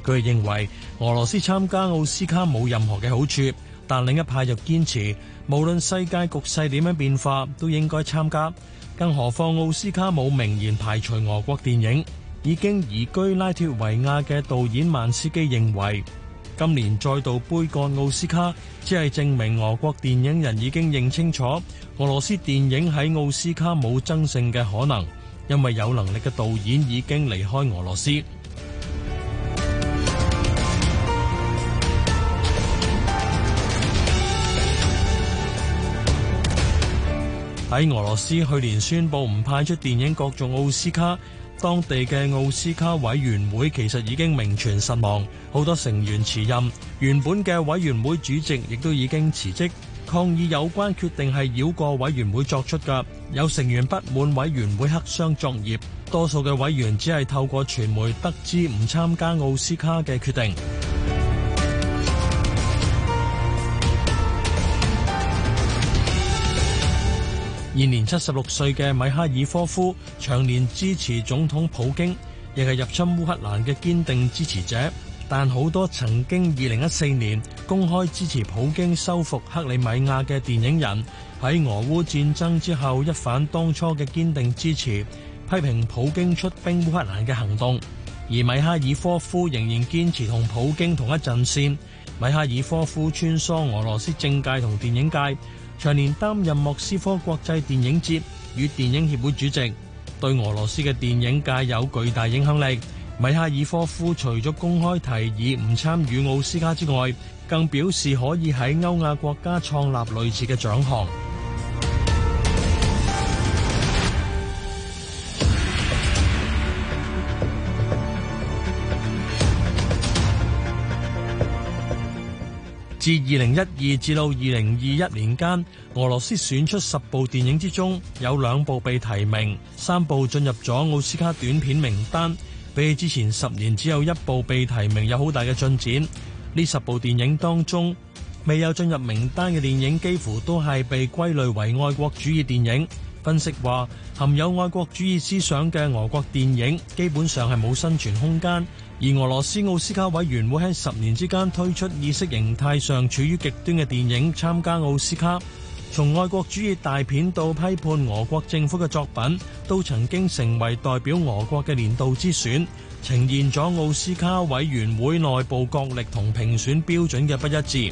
佢哋認為俄羅斯參加奧斯卡冇任何嘅好處，但另一派又堅持無論世界局勢點樣變化，都應該參加。更何況奧斯卡冇明言排除俄國電影。已經移居拉脱維亞嘅導演曼斯基認為。今年再度杯葛奧斯卡，只係證明俄國電影人已經認清楚，俄羅斯電影喺奧斯卡冇爭勝嘅可能，因為有能力嘅導演已經離開俄羅斯。喺俄羅斯去年宣布唔派出電影角逐奧斯卡。當地嘅奧斯卡委員會其實已經名存實亡，好多成員辭任，原本嘅委員會主席亦都已經辭職。抗議有關決定係繞過委員會作出㗎，有成員不滿委員會黑箱作業，多數嘅委員只係透過傳媒得知唔參加奧斯卡嘅決定。現年七十六歲嘅米哈爾科夫，長年支持總統普京，亦係入侵烏克蘭嘅堅定支持者。但好多曾經二零一四年公開支持普京收復克里米亞嘅電影人，喺俄烏戰爭之後一反當初嘅堅定支持，批評普京出兵烏克蘭嘅行動。而米哈爾科夫仍然堅持同普京同一陣線。米哈爾科夫穿梭俄羅斯政界同電影界。長年擔任莫斯科國際電影節與電影協會主席，對俄羅斯嘅電影界有巨大影響力。米哈爾科夫除咗公開提議唔參與奧斯卡之外，更表示可以喺歐亞國家創立類似嘅獎項。自二零一二至到二零二一年間，俄羅斯選出十部電影之中，有兩部被提名，三部進入咗奧斯卡短片名單。比起之前十年只有一部被提名，有好大嘅進展。呢十部電影當中，未有進入名單嘅電影幾乎都係被歸類為愛國主義電影。分析話，含有愛國主義思想嘅俄國電影基本上係冇生存空間。而俄羅斯奧斯卡委員會喺十年之間推出意識形態上處於極端嘅電影參加奧斯卡，從愛國主義大片到批判俄國政府嘅作品，都曾經成為代表俄國嘅年度之選，呈現咗奧斯卡委員會內部角力同評選標準嘅不一致。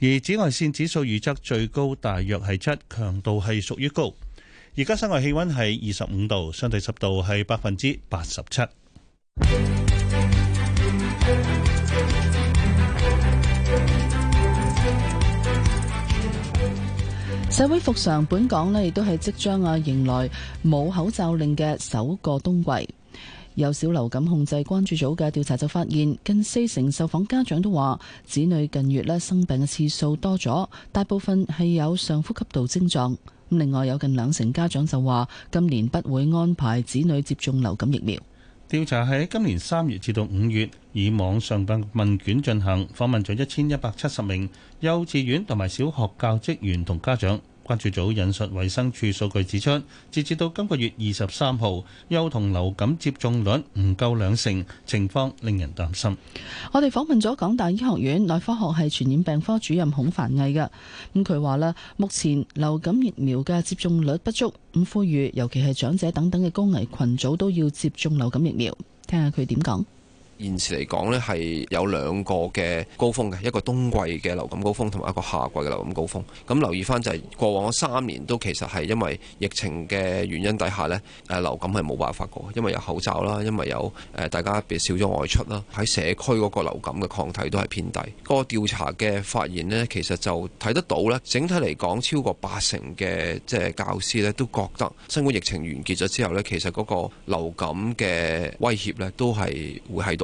而紫外線指數預測最高大約係七，強度係屬於高。而家室外氣温係二十五度，相對濕度係百分之八十七。社會復常，本港呢亦都係即將啊迎來冇口罩令嘅首個冬季。有小流感控制關注組嘅調查就發現近四成受訪家長都話子女近月咧生病嘅次數多咗，大部分係有上呼吸道症狀，另外有近兩成家長就話今年不會安排子女接種流感疫苗。調查喺今年三月至到五月，以網上辦問卷進行訪問咗一千一百七十名幼稚園同埋小學教職員同家長。關注組引述衛生署數據指出，截至到今個月二十三號，幼童流感接種率唔夠兩成，情況令人擔心。我哋訪問咗港大醫學院內科學系傳染病科主任孔繁毅嘅，咁佢話啦，目前流感疫苗嘅接種率不足，咁呼籲尤其係長者等等嘅高危群組都要接種流感疫苗。聽下佢點講。現時嚟講呢，係有兩個嘅高峰嘅，一個冬季嘅流感高峰，同埋一個夏季嘅流感高峰。咁留意翻就係過往三年都其實係因為疫情嘅原因底下呢，誒流感係冇辦法過，因為有口罩啦，因為有誒大家別少咗外出啦，喺社區嗰個流感嘅抗體都係偏低。個調查嘅發現呢，其實就睇得到呢，整體嚟講超過八成嘅即係教師呢，都覺得新冠疫情完結咗之後呢，其實嗰個流感嘅威脅呢，都係會喺度。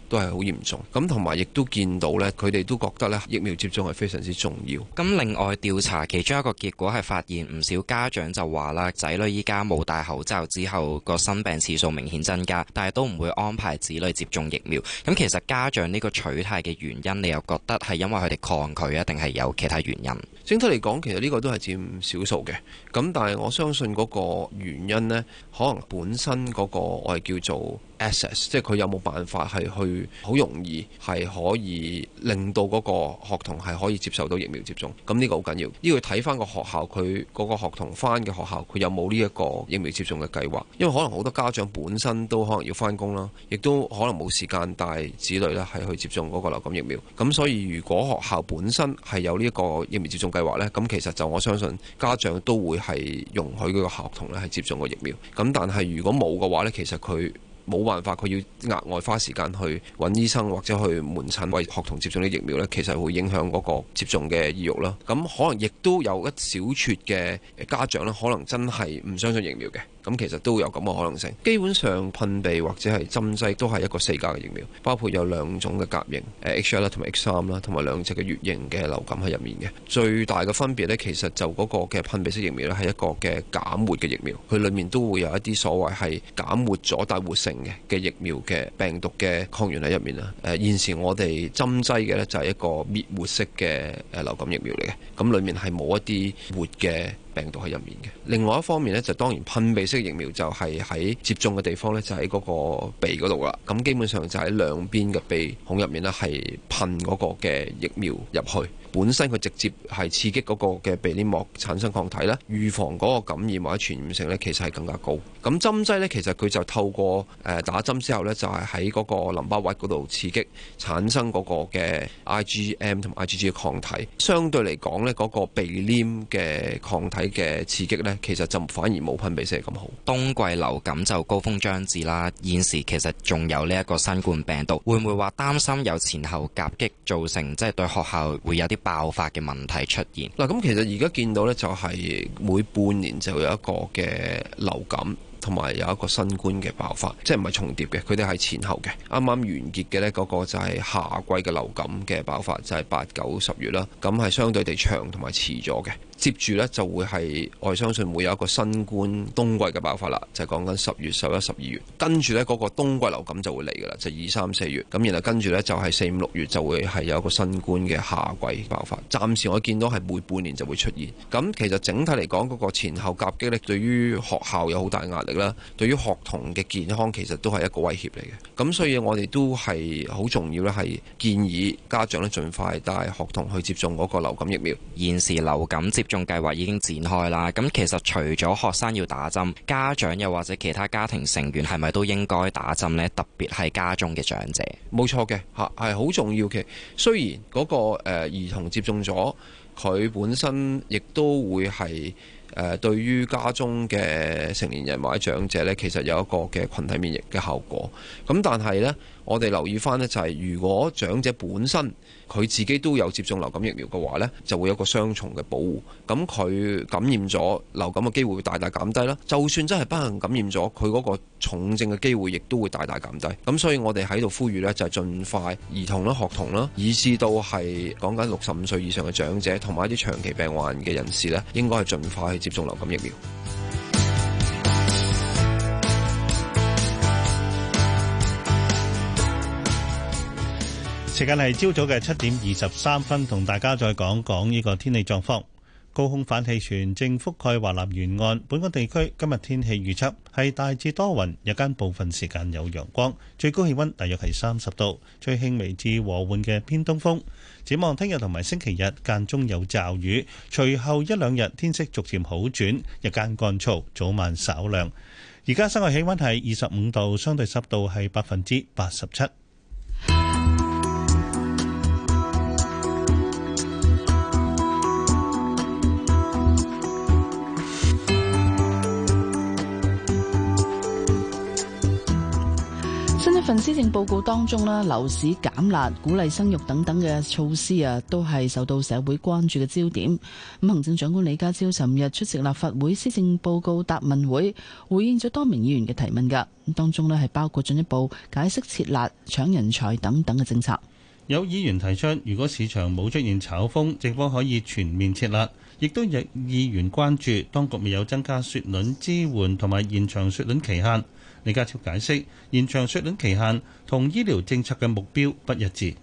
都係好嚴重，咁同埋亦都見到咧，佢哋都覺得咧疫苗接種係非常之重要。咁另外調查其中一個結果係發現唔少家長就話啦，仔女依家冇戴口罩之後，個生病次數明顯增加，但係都唔會安排子女接種疫苗。咁其實家長呢個取態嘅原因，你又覺得係因為佢哋抗拒啊，定係有其他原因？整體嚟講，其實呢個都係佔少數嘅。咁但係我相信嗰個原因呢，可能本身嗰個我哋叫做 access，即係佢有冇辦法係去。好容易係可以令到嗰個學童係可以接受到疫苗接種，咁呢個好緊要。呢個睇翻個學校，佢嗰個學童翻嘅學校，佢有冇呢一個疫苗接種嘅計劃，因為可能好多家長本身都可能要翻工啦，亦都可能冇時間帶子女咧，係去接種嗰個流感疫苗。咁所以如果學校本身係有呢一個疫苗接種計劃咧，咁其實就我相信家長都會，係容許嗰個學童咧係接種個疫苗。咁但係如果冇嘅話咧，其實佢。冇辦法，佢要額外花時間去揾醫生或者去門診為學童接種啲疫苗呢，其實會影響嗰個接種嘅意欲啦。咁可能亦都有一小撮嘅家長咧，可能真係唔相信疫苗嘅。咁其實都有咁嘅可能性。基本上噴鼻或者係針劑都係一個四價嘅疫苗，包括有兩種嘅甲型，誒 H1 啦同埋 H3 啦，同埋兩隻嘅乙型嘅流感喺入面嘅。最大嘅分別呢，其實就嗰個嘅噴鼻式疫苗呢，係一個嘅減活嘅疫苗，佢裏面都會有一啲所謂係減活咗帶活性嘅嘅疫苗嘅病毒嘅抗原喺入面啦。誒、呃、現時我哋針劑嘅呢，就係一個滅活式嘅誒流感疫苗嚟嘅，咁裡面係冇一啲活嘅病毒喺入面嘅。另外一方面呢，就當然噴鼻式疫苗就係喺接種嘅地方呢，就喺嗰個鼻嗰度喇。咁基本上就喺兩邊嘅鼻孔入面呢，係噴嗰個嘅疫苗入去。本身佢直接係刺激嗰個嘅鼻黏膜產生抗體咧，預防嗰個感染或者傳染性咧，其實係更加高。咁針劑咧，其實佢就透過誒打針之後咧，就係喺嗰個淋巴位嗰度刺激產生嗰個嘅 IgM 同埋 IgG 抗體。相對嚟講咧，嗰個鼻黏嘅抗體嘅刺激咧，其實就反而冇噴鼻劑咁好。冬季流感就高峰將至啦，現時其實仲有呢一個新冠病毒，會唔會話擔心有前後夾擊造成即係對學校會有啲？爆發嘅問題出現嗱，咁其實而家見到呢，就係每半年就有一個嘅流感，同埋有一個新冠嘅爆發，即係唔係重疊嘅，佢哋係前後嘅。啱啱完結嘅呢嗰個就係夏季嘅流感嘅爆發，就係八九十月啦，咁係相對地長同埋遲咗嘅。接住呢，就會係，我相信會有一個新冠冬季嘅爆發啦，就係講緊十月、十一、十二月，跟住呢嗰個冬季流感就會嚟噶啦，就二三四月，咁然後跟住呢，就係四五六月就會係有一個新冠嘅夏季爆發。暫時我見到係每半年就會出現，咁其實整體嚟講嗰個前後夾擊力對於學校有好大壓力啦，對於學童嘅健康其實都係一個威脅嚟嘅。咁所以我哋都係好重要呢係建議家長呢，盡快帶學童去接種嗰個流感疫苗。現時流感接種計劃已經展開啦，咁其實除咗學生要打針，家長又或者其他家庭成員係咪都應該打針呢？特別係家中嘅長者，冇錯嘅吓，係好重要嘅。雖然嗰個誒兒童接種咗，佢本身亦都會係誒對於家中嘅成年人或者長者呢，其實有一個嘅群體免疫嘅效果。咁但係呢，我哋留意翻呢，就係如果長者本身。佢自己都有接種流感疫苗嘅話，呢就會有個雙重嘅保護。咁佢感染咗流感嘅機會會大大減低啦。就算真係不幸感染咗，佢嗰個重症嘅機會亦都會大大減低。咁所以我哋喺度呼籲呢，就係盡快兒童啦、學童啦，以至到係講緊六十五歲以上嘅長者，同埋一啲長期病患嘅人士呢，應該係盡快去接種流感疫苗。時間係朝早嘅七點二十三分，同大家再講講呢個天氣狀況。高空反氣旋正覆蓋華南沿岸，本港地區今日天氣預測係大致多雲，日間部分時間有陽光，最高氣溫大約係三十度，吹輕微至和緩嘅偏東風。展望聽日同埋星期日間中有驟雨，隨後一兩日天色逐漸好轉，日間乾燥，早晚稍涼。而家室外氣溫係二十五度，相對濕度係百分之八十七。施政報告當中啦，樓市減辣、鼓勵生育等等嘅措施啊，都係受到社會關注嘅焦點。咁行政長官李家超尋日出席立法會施政報告答問會，回應咗多名議員嘅提問㗎。咁當中咧係包括進一步解釋撤辣搶人才等等嘅政策。有議員提出，如果市場冇出現炒風，政府可以全面撤辣，亦都有議員關注當局未有增加雪卵支援同埋延長雪卵期限。李家超解釋延長縮短期限同醫療政策嘅目標不一致。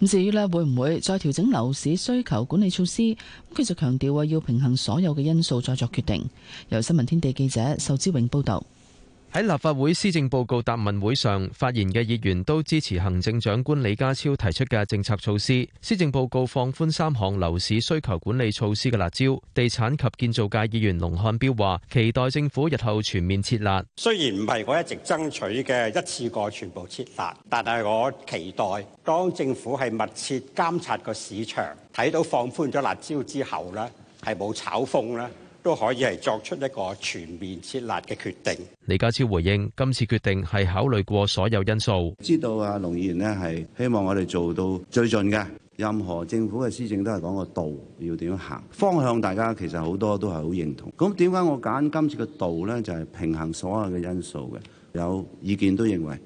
咁至於呢會唔會再調整樓市需求管理措施，咁佢就強調話要平衡所有嘅因素再作決定。由新聞天地記者壽之永報道。喺立法會施政報告答問會上發言嘅議員都支持行政長官李家超提出嘅政策措施。施政報告放寬三項樓市需求管理措施嘅辣招，地產及建造界議員龍漢標話：期待政府日後全面撤辣。雖然唔係我一直爭取嘅一次過全部撤辣，但係我期待當政府係密切監察個市場，睇到放寬咗辣招之後呢，係冇炒風啦。都可以係作出一個全面設立嘅決定。李家超回應今次決定係考慮過所有因素。知道啊，龍議員呢係希望我哋做到最盡嘅。任何政府嘅施政都係講個道要點樣行方向，大家其實好多都係好認同。咁點解我揀今次嘅道呢？就係平衡所有嘅因素嘅。有意見都認為，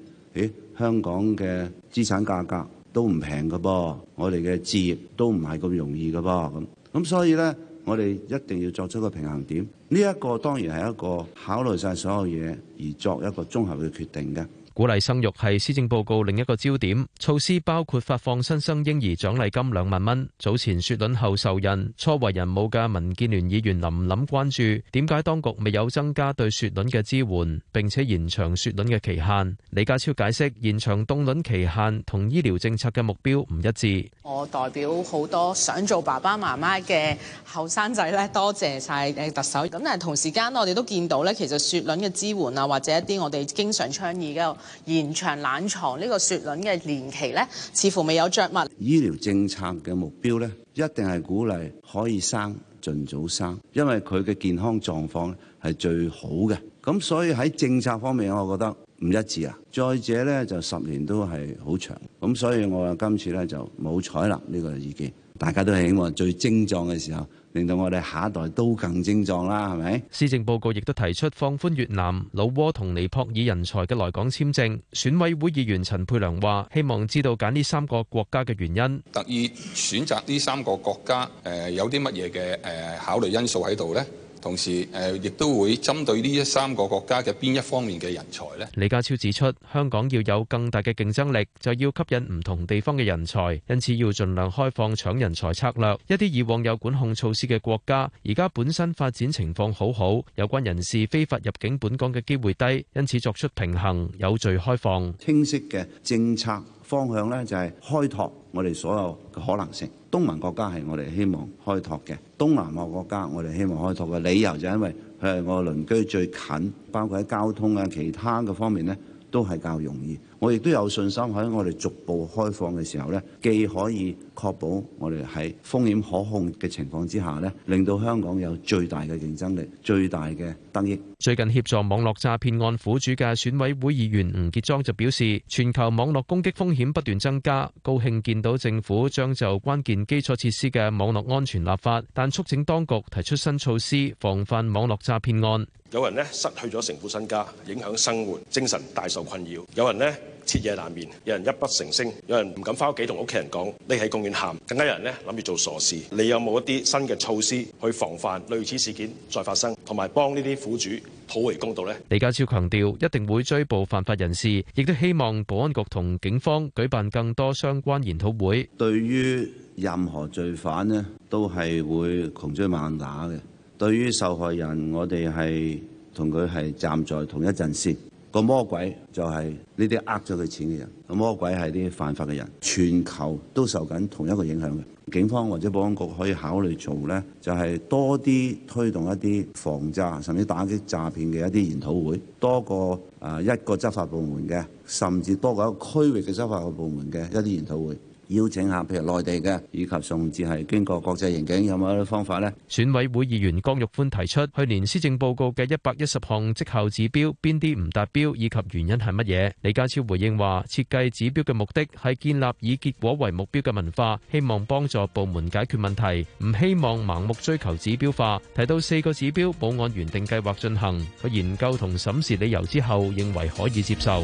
誒香港嘅資產價格都唔平㗎噃，我哋嘅置業都唔係咁容易㗎噃。咁咁所以呢。我哋一定要作出個平衡點，呢、這、一個當然係一個考慮曬所有嘢而作一個綜合嘅決定嘅。鼓勵生育係施政報告另一個焦點，措施包括發放新生嬰兒獎勵金兩萬蚊。早前雪卵後受孕，初為人母嘅民建聯議員林琳關注，點解當局未有增加對雪卵嘅支援，並且延長雪卵嘅期限？李家超解釋，延長凍卵期限同醫療政策嘅目標唔一致。我代表好多想做爸爸媽媽嘅後生仔咧，多謝晒特首。咁但係同時間我哋都見到咧，其實雪卵嘅支援啊，或者一啲我哋經常倡議嘅。延長冷藏呢個雪卵嘅年期呢，似乎未有着墨。醫療政策嘅目標呢，一定係鼓勵可以生，盡早生，因為佢嘅健康狀況係最好嘅。咁所以喺政策方面，我覺得唔一致啊。再者咧，就十年都係好長。咁所以我今次咧就冇採納呢個意見。大家都係希望最精壯嘅時候，令到我哋下一代都更精壯啦，係咪？施政報告亦都提出放寬越南、老撾同尼泊爾人才嘅來港簽證。選委會議員陳佩良話，希望知道揀呢三個國家嘅原因，特意選擇呢三個國家，誒、呃、有啲乜嘢嘅誒考慮因素喺度咧？同時，誒亦都會針對呢一三個國家嘅邊一方面嘅人才呢？李家超指出，香港要有更大嘅競爭力，就要吸引唔同地方嘅人才，因此要盡量開放搶人才策略。一啲以往有管控措施嘅國家，而家本身發展情況好好，有關人士非法入境本港嘅機會低，因此作出平衡，有序開放。清晰嘅政策方向呢，就係開拓我哋所有嘅可能性。東盟國家係我哋希望開拓嘅。東南亞國家我哋希望開拓嘅理由，就因為佢係我鄰居，最近，包括喺交通啊、其他嘅方面呢，都係較容易。我亦都有信心喺我哋逐步開放嘅時候咧，既可以確保我哋喺風險可控嘅情況之下咧，令到香港有最大嘅競爭力、最大嘅得益。最近協助網絡詐騙案苦主嘅選委會議員吳傑莊就表示，全球網絡攻擊風險不斷增加，高興見到政府將就關鍵基礎設施嘅網絡安全立法，但促請當局提出新措施防範網絡詐騙案。有人咧失去咗成副身家，影響生活，精神大受困擾。有人咧。徹夜難眠，有人泣不成聲，有人唔敢返屋企同屋企人講，匿喺公園喊，更加有人咧諗住做傻事。你有冇一啲新嘅措施去防範類似事件再發生，同埋幫呢啲苦主討回公道呢？李家超強調，一定會追捕犯法人士，亦都希望保安局同警方舉辦更多相關研討會。對於任何罪犯呢，都係會窮追猛打嘅。對於受害人，我哋係同佢係站在同一陣線。個魔鬼就係呢啲呃咗佢錢嘅人，個魔鬼係啲犯法嘅人，全球都受緊同一個影響嘅。警方或者保安局可以考慮做呢，就係多啲推動一啲防詐，甚至打擊詐騙嘅一啲研討會，多過啊一個執法部門嘅，甚至多過一個區域嘅執法部門嘅一啲研討會。邀請下譬如內地嘅，以及甚至係經過國際刑警有冇一啲方法呢？選委會議員江玉歡提出，去年施政報告嘅一百一十項績效指標，邊啲唔達標以及原因係乜嘢？李家超回應話：設計指標嘅目的係建立以結果為目標嘅文化，希望幫助部門解決問題，唔希望盲目追求指標化。提到四個指標，保安原定計劃進行，佢研究同審視理由之後，認為可以接受。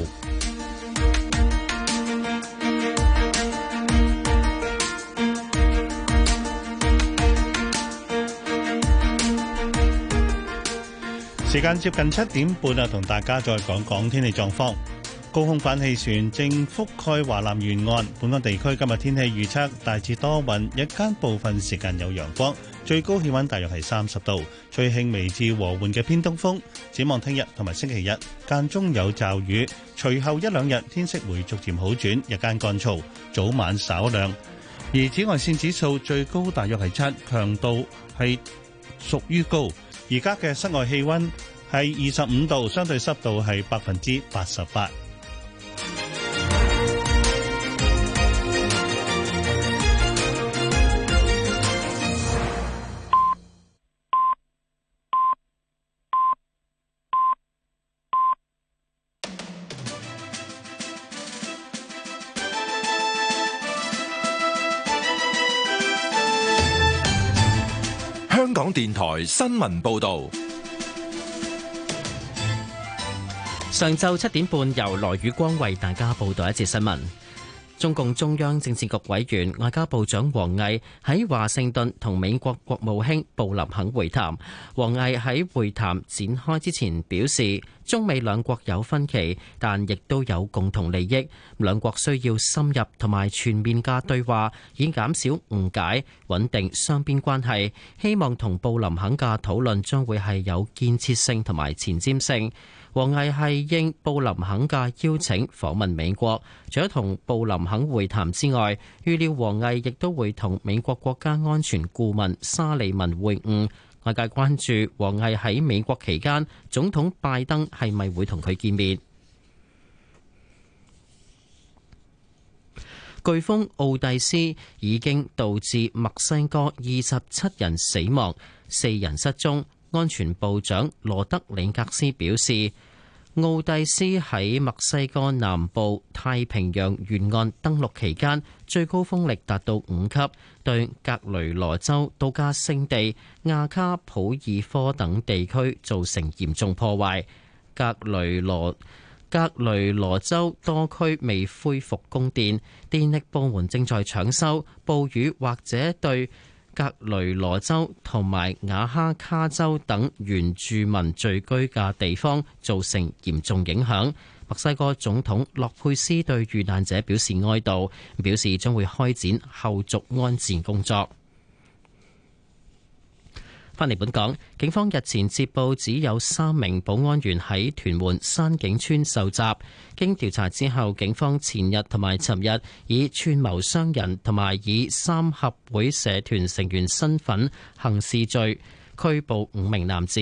時間接近七點半啊，同大家再講講天氣狀況。高空反氣旋正覆蓋華南沿岸，本港地區今日天氣預測大致多雲，日間部分時間有陽光，最高氣温大約係三十度，吹輕微至和緩嘅偏東風。展望聽日同埋星期日間中有驟雨，隨後一兩日天色會逐漸好轉，日間乾燥，早晚稍涼。而紫外線指數最高大約係七，強度係屬於高。而家嘅室外氣溫係二十五度，相對濕度係百分之八十八。電台新聞報道。上晝七點半，由羅宇光為大家報道一節新聞。中共中央政治局委員、外交部長王毅喺華盛頓同美國國務卿布林肯會談。王毅喺會談展開之前表示，中美兩國有分歧，但亦都有共同利益。兩國需要深入同埋全面嘅對話，以減少誤解，穩定雙邊關係。希望同布林肯嘅討論將會係有建設性同埋前瞻性。王毅係應布林肯嘅邀請訪問美國，除咗同布林肯會談之外，預料王毅亦都會同美國國家安全顧問沙利文會晤。外界關注王毅喺美國期間，總統拜登係咪會同佢見面？颶風奧蒂斯已經導致墨西哥二十七人死亡，四人失蹤。安全部長羅德里格斯表示，奧蒂斯喺墨西哥南部太平洋沿岸登陸期間，最高風力達到五級，對格雷羅州度假勝地亞卡普爾科等地區造成嚴重破壞。格雷羅格雷羅州多區未恢復供電，電力部門正在搶修。暴雨或者對格雷羅州同埋瓦哈卡州等原住民聚居嘅地方造成嚴重影響。墨西哥總統洛佩斯對遇難者表示哀悼，表示將會開展後續安葬工作。翻嚟本港，警方日前接報只有三名保安員喺屯門山景村受襲，經調查之後，警方前日同埋尋日以串謀傷人同埋以三合會社團成員身份行事罪拘捕五名男子。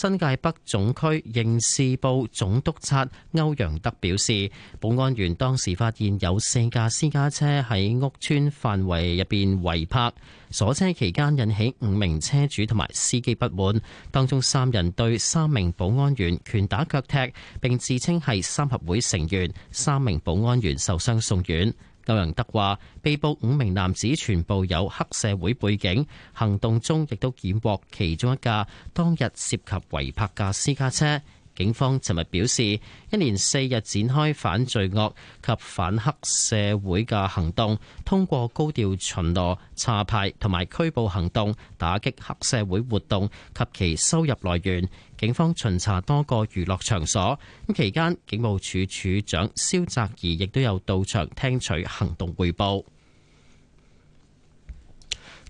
新界北總區刑事部總督察歐陽德表示，保安員當時發現有四架私家車喺屋邨範圍入邊違泊，鎖車期間，引起五名車主同埋司機不滿，當中三人對三名保安員拳打腳踢，並自稱係三合會成員，三名保安員受傷送院。歐陽德話：被捕五名男子全部有黑社會背景，行動中亦都檢獲其中一架當日涉及違泊架私家車。警方尋日表示，一連四日展開反罪惡及反黑社會嘅行動，通過高調巡邏、查牌同埋拘捕行動，打擊黑社會活動及其收入來源。警方巡查多個娛樂場所，咁期間，警務處處長蕭澤頤亦都有到場聽取行動彙報。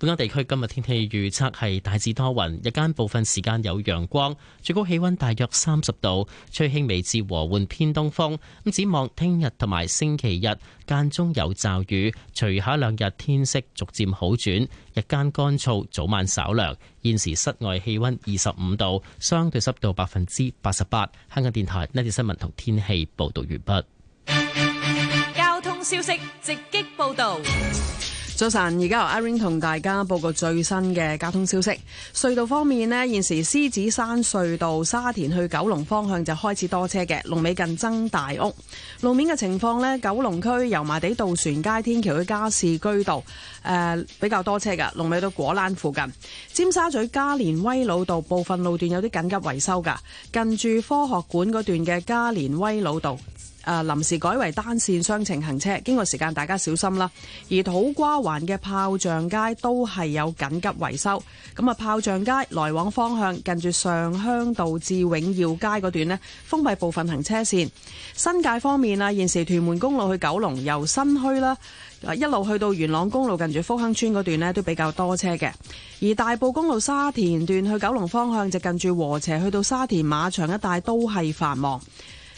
本港地區今日天氣預測係大致多雲，日間部分時間有陽光，最高氣溫大約三十度，吹輕微至和緩偏東風。咁展望聽日同埋星期日間中有驟雨，隨後兩日天色逐漸好轉，日間乾燥，早晚稍涼。現時室外氣溫二十五度，相對濕度百分之八十八。香港電台呢條新聞同天氣報道完畢。交通消息直擊報道。早晨，而家由阿 Ring 同大家報告最新嘅交通消息。隧道方面呢，現時獅子山隧道沙田去九龍方向就開始多車嘅，龍尾近曾大屋。路面嘅情況呢，九龍區油麻地渡船街天橋嘅加士居道誒、呃、比較多車噶，龍尾到果欄附近。尖沙咀加連威老道部分路段有啲緊急維修噶，近住科學館嗰段嘅加連威老道。誒，臨時改為單線雙程行車，經過時間大家小心啦。而土瓜灣嘅炮仗街都係有緊急維修。咁啊，炮仗街來往方向近住上鄉道至永耀街嗰段呢，封閉部分行車線。新界方面啊，現時屯門公路去九龍由新墟啦，一路去到元朗公路近住福亨村嗰段呢，都比較多車嘅。而大埔公路沙田段去九龍方向就近住禾輋，去到沙田馬場一帶都係繁忙。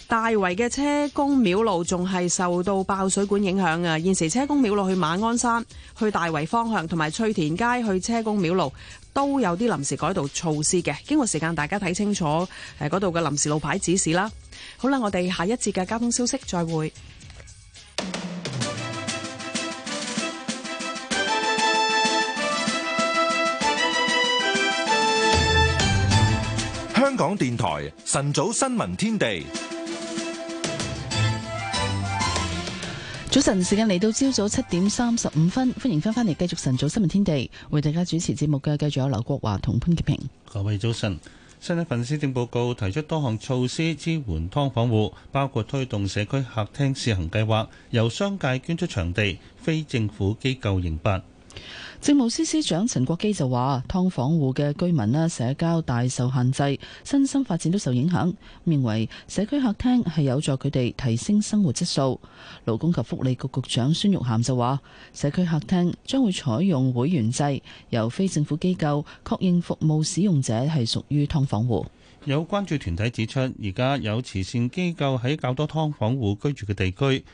大圍嘅車公廟路仲係受到爆水管影響啊！現時車公廟路去馬鞍山、去大圍方向，同埋翠田街去車公廟路都有啲臨時改道措施嘅。經過時間，大家睇清楚，誒，嗰度嘅臨時路牌指示啦。好啦，我哋下一節嘅交通消息再會。香港電台晨早新聞天地。早晨，時間嚟到朝早七點三十五分，歡迎翻返嚟繼續晨早新聞天地，為大家主持節目嘅繼續有劉國華同潘潔平。各位早晨，新一份施政報告提出多項措施支援㓥房戶，包括推動社區客廳試行計劃，由商界捐出場地，非政府機構營辦。政務司司長陳國基就話：劏房戶嘅居民咧，社交大受限制，身心發展都受影響。認為社區客廳係有助佢哋提升生活質素。勞工及福利局局長孫玉菡就話：社區客廳將會採用會員制，由非政府機構確認服務使用者係屬於劏房戶。有關注團體指出，而家有慈善機構喺較多劏房戶居住嘅地區。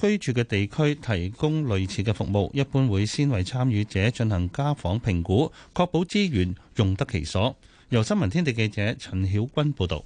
居住嘅地區提供類似嘅服務，一般會先為參與者進行家訪評估，確保資源用得其所。由新聞天地記者陳曉君報導。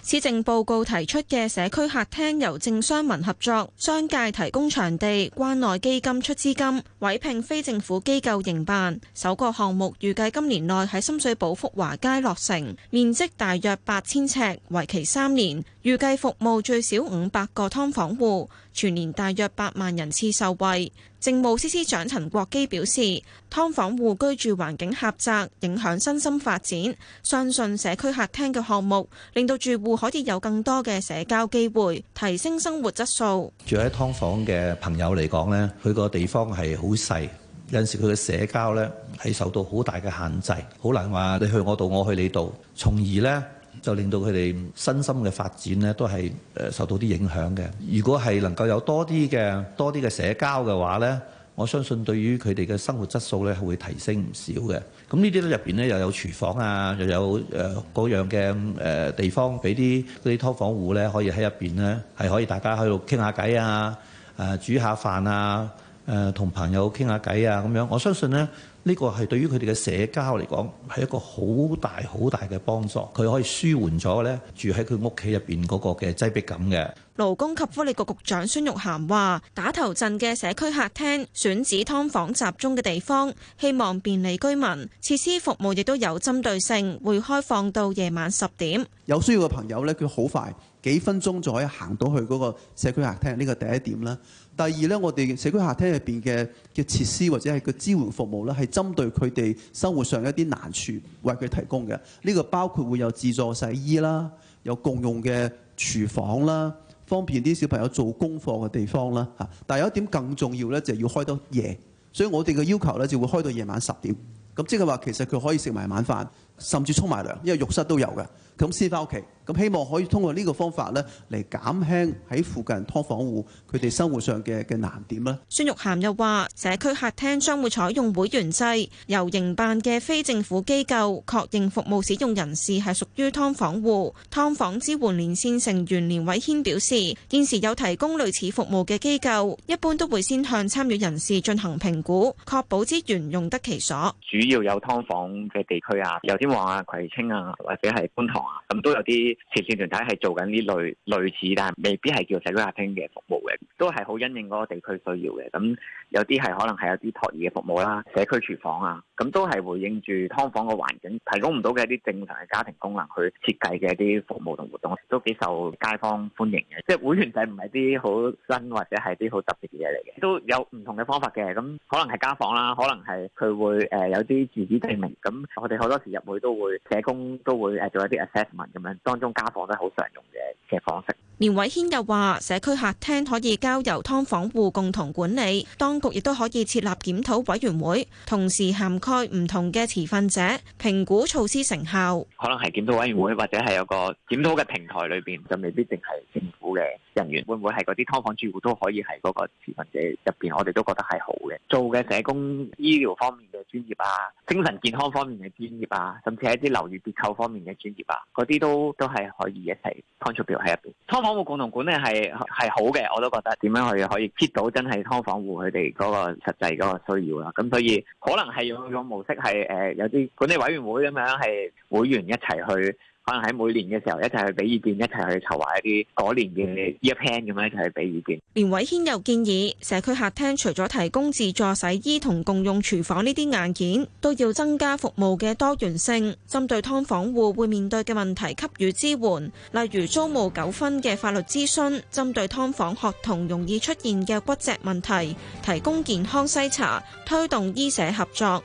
施政報告提出嘅社區客廳由政商民合作，商界提供場地，關內基金出資金，委聘非政府機構營辦。首個項目預計今年內喺深水埗福華街落成，面積大約八千尺，為期三年，預計服務最少五百個劏房戶，全年大約八萬人次受惠。政務司司長陳國基表示，劏房戶居住環境狹窄，影響身心發展。相信社區客廳嘅項目，令到住戶可以有更多嘅社交機會，提升生活質素。住喺劏房嘅朋友嚟講呢，佢個地方係好細，有陣時佢嘅社交呢係受到好大嘅限制，好難話你去我度，我去你度，從而呢。就令到佢哋身心嘅發展咧，都係誒受到啲影響嘅。如果係能夠有多啲嘅多啲嘅社交嘅話咧，我相信對於佢哋嘅生活質素咧，係會提升唔少嘅。咁、嗯、呢啲咧入邊咧又有廚房啊，又有誒、呃、各樣嘅誒、呃、地方，俾啲嗰啲劏房戶咧可以喺入邊咧係可以大家喺度傾下偈啊，誒、呃、煮下飯啊，誒、呃、同朋友傾下偈啊咁樣。我相信咧。呢個係對於佢哋嘅社交嚟講係一個好大好大嘅幫助，佢可以舒緩咗咧住喺佢屋企入邊嗰個嘅擠迫感嘅。勞工及福利局局，局長孫玉菡話：打頭陣嘅社區客廳選址劏房集中嘅地方，希望便利居民，設施服務亦都有針對性，會開放到夜晚十點。有需要嘅朋友咧，佢好快。幾分鐘就可以行到去嗰個社區客廳，呢個第一點啦。第二呢，我哋社區客廳入邊嘅嘅設施或者係個支援服務呢，係針對佢哋生活上一啲難處為佢提供嘅。呢個包括會有自助洗衣啦，有共用嘅廚房啦，方便啲小朋友做功課嘅地方啦。嚇！但係有一點更重要呢，就要開到夜，所以我哋嘅要求呢，就會開到夜晚十點。咁即係話其實佢可以食埋晚飯，甚至沖埋涼，因為浴室都有嘅。咁先翻屋企，咁希望可以通過呢個方法咧，嚟減輕喺附近㓥房戶佢哋生活上嘅嘅難點啦。孫玉菡又話，社區客廳將會採用會員制，由營辦嘅非政府機構確認服務使用人士係屬於劏房戶。劏房支援連線成員連偉謙表示，現時有提供類似服務嘅機構，一般都會先向參與人士進行評估，確保資源用得其所。主要有劏房嘅地區啊，油尖旺啊、葵青啊，或者係觀塘。咁、嗯、都有啲慈善團體係做緊呢類類似，但係未必係叫社區客廳嘅服務嘅，都係好因應嗰個地區需要嘅。咁有啲係可能係一啲託兒嘅服務啦，社區廚房啊。咁都係回應住劏房個環境提供唔到嘅一啲正常嘅家庭功能去設計嘅一啲服務同活動，都幾受街坊歡迎嘅。即係會員制唔係啲好新或者係啲好特別嘅嘢嚟嘅，都有唔同嘅方法嘅。咁可能係家訪啦，可能係佢會誒有啲住址證明。咁我哋好多時入會都會社工都會誒做一啲 assessment 咁樣，當中家訪都係好常用嘅嘅方式。連偉軒又話：社區客廳可以交由劏房戶共同管理，當局亦都可以設立檢討委員會，同時喊。 在唔同嘅持份者評估措施成效，可能係檢討委員會或者係有個檢討嘅平台裏邊，就未必淨係政府嘅人員，會唔會係嗰啲㓥房住戶都可以係嗰個持份者入邊，我哋都覺得係好嘅。做嘅社工、醫療方面嘅專業啊，精神健康方面嘅專業啊，甚至係一啲樓宇結構方面嘅專業啊，嗰啲都都係可以一齊 contribute 喺入邊。㓥房戶共同管理係係好嘅，我都覺得點樣去可以 keep 到真係㓥房戶佢哋嗰個實際嗰個需要啦。咁所以可能係。個模式係誒有啲管理委員會咁樣，係會員一齊去，可能喺每年嘅時候一齊去俾意見，一齊去籌劃一啲嗰年嘅 plan 咁樣一齊去俾意見。連偉軒又建議社區客廳除咗提供自助洗衣同共用廚房呢啲硬件，都要增加服務嘅多元性，針對劏房戶會面對嘅問題給予支援，例如租務糾紛嘅法律諮詢；針對劏房學童容易出現嘅骨折問題，提供健康篩查，推動醫社合作。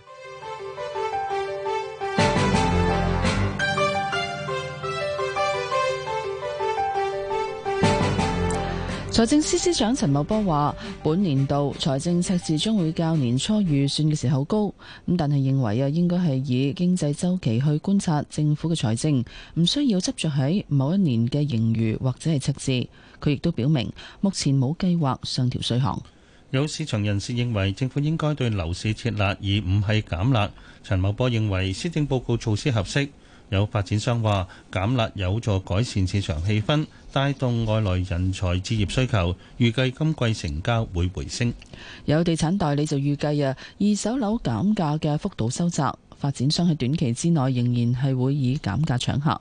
財政司司長陳茂波話，本年度財政赤字將會較年初預算嘅時候高，咁但係認為啊，應該係以經濟周期去觀察政府嘅財政，唔需要執着喺某一年嘅盈餘或者係赤字。佢亦都表明，目前冇計劃上調稅項。有市場人士認為，政府應該對樓市撤辣而唔係減辣。陳茂波認為，施政報告措施合適。有發展商話減辣有助改善市場氣氛，帶動外來人才置業需求，預計今季成交會回升。有地產代理就預計啊，二手樓減價嘅幅度收窄，發展商喺短期之內仍然係會以減價搶客。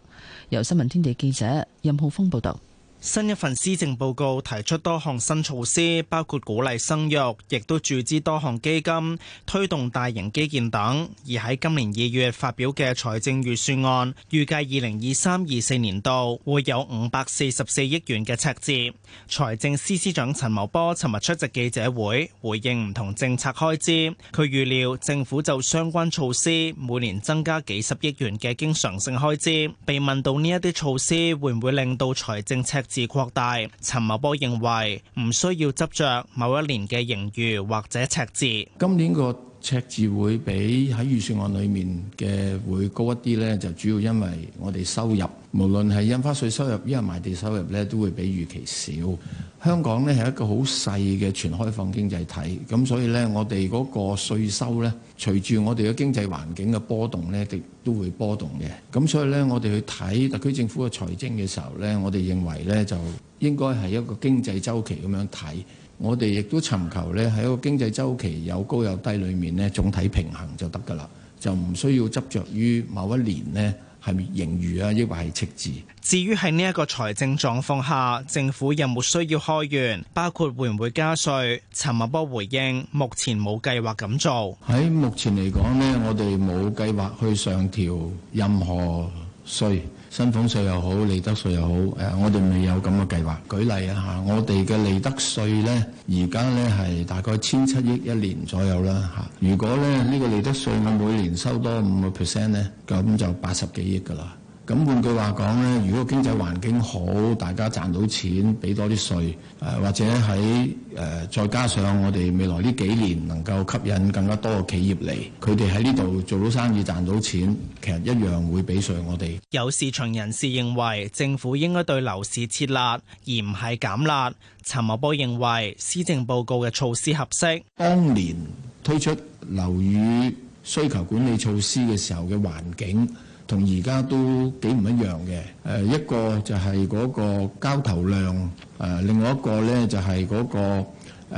由新聞天地記者任浩峰報導。新一份施政報告提出多項新措施，包括鼓勵生育，亦都注資多項基金、推動大型基建等。而喺今年二月發表嘅財政預算案，預計二零二三、二四年度會有五百四十四億元嘅赤字。財政司司長陳茂波尋日出席記者會，回應唔同政策開支。佢預料政府就相關措施每年增加幾十億元嘅經常性開支。被問到呢一啲措施會唔會令到財政赤字擴大，陳茂波認為唔需要執着某一年嘅盈餘或者赤字。今年個赤字會比喺預算案裡面嘅會高一啲呢，就主要因為我哋收入，無論係印花稅收入、依家賣地收入呢都會比預期少。香港呢係一個好細嘅全開放經濟體，咁所以呢，我哋嗰個稅收呢，隨住我哋嘅經濟環境嘅波動呢，亦都會波動嘅。咁所以呢，我哋去睇特區政府嘅財政嘅時候呢，我哋認為呢，就應該係一個經濟周期咁樣睇。我哋亦都尋求呢，喺一個經濟周期有高有低裡面呢，總體平衡就得㗎啦，就唔需要執着於某一年呢，係盈餘啊，抑或係赤字？至於喺呢一個財政狀況下，政府有冇需要開源？包括會唔會加稅？陳茂波回應：目前冇計劃咁做。喺目前嚟講呢，我哋冇計劃去上調任何稅。薪俸稅又好，利得稅又好，呃、我哋未有咁嘅計劃。舉例啊，嚇，我哋嘅利得稅呢，而家咧係大概千七億一年左右啦，啊，如果咧呢、呢個利得稅我每年收多五個 percent 呢，咁就八十幾億噶啦。咁換句話講呢，如果經濟環境好，大家賺到錢，俾多啲稅，誒或者喺誒、呃、再加上我哋未來呢幾年能夠吸引更加多嘅企業嚟，佢哋喺呢度做到生意賺到錢，其實一樣會俾稅我哋。有市場人士認為政府應該對樓市設辣，而唔係減辣。陳茂波認為施政報告嘅措施合適。當年推出樓宇需求管理措施嘅時候嘅環境，同而家都幾唔一樣嘅，誒一個就係嗰個交投量，誒另外一個咧就係嗰個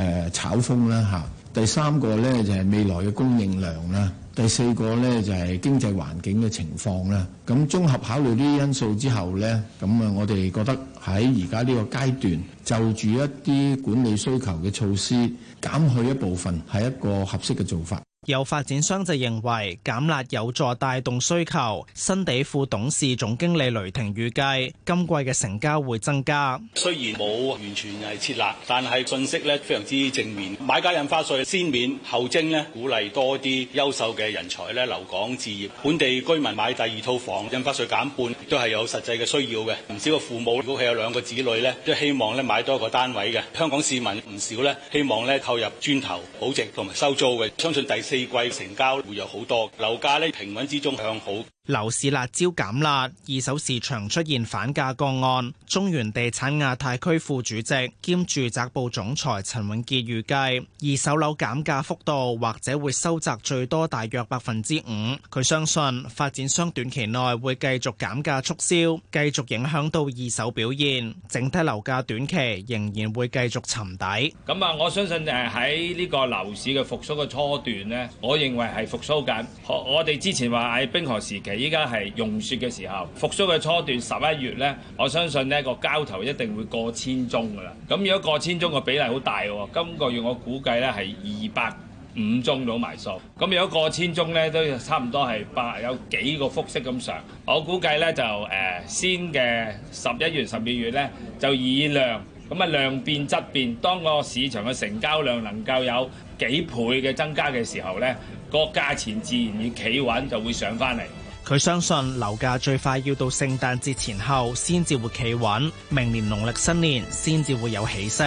誒炒風啦嚇，第三個咧就係未來嘅供應量啦，第四個咧就係經濟環境嘅情況啦。咁綜合考慮啲因素之後咧，咁啊我哋覺得喺而家呢個階段，就住一啲管理需求嘅措施減去一部分係一個合適嘅做法。有發展商就認為減辣有助帶動需求。新地副董事總經理雷霆預計今季嘅成交會增加。雖然冇完全係撤辣，但係信息呢非常之正面。買家印花稅先免後徵咧，鼓勵多啲優秀嘅人才呢留港置業。本地居民買第二套房印花稅減半，都係有實際嘅需要嘅。唔少嘅父母，如果係有兩個子女呢，都希望咧買多個單位嘅。香港市民唔少呢，希望咧購入磚頭保值同埋收租嘅。相信第四季成交會有好多樓價咧，平穩之中向好。樓市辣椒減辣，二手市場出現反價個案。中原地產亞太區副主席兼住宅部總裁陳永傑預計，二手樓減價幅度或者會收窄最多大約百分之五。佢相信發展商短期內會繼續減價促銷，繼續影響到二手表現。整體樓價短期仍然會繼續沉底。咁啊，我相信誒喺呢個樓市嘅復甦嘅初段呢，我認為係復甦緊。我我哋之前話喺冰河時期。依家係融雪嘅時候，復甦嘅初段十一月呢，我相信呢個交投一定會過千宗㗎啦。咁如果過千宗個比例好大喎、哦，今個月我估計呢係二百五宗到埋數。咁如果過千宗呢，都差唔多係八有幾個複式咁上。我估計呢，就誒、呃、先嘅十一月十二月呢，就以量咁啊量變質變，當個市場嘅成交量能夠有幾倍嘅增加嘅時候呢，個價錢自然以企穩就會上翻嚟。佢相信樓價最快要到聖誕節前後先至會企穩，明年農曆新年先至會有起色。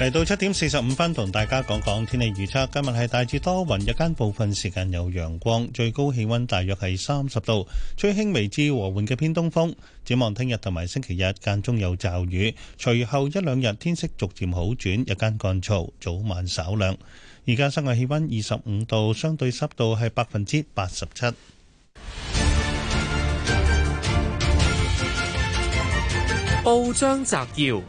嚟到七點四十五分，同大家講講天氣預測。今日係大致多雲，日間部分時間有陽光，最高氣溫大約係三十度，吹輕微至和緩嘅偏東風。展望聽日同埋星期日間中有驟雨，隨後一兩日天色逐漸好轉，日間乾燥，早晚稍涼。而家室外氣溫二十五度，相對濕度係百分之八十七。報章摘要。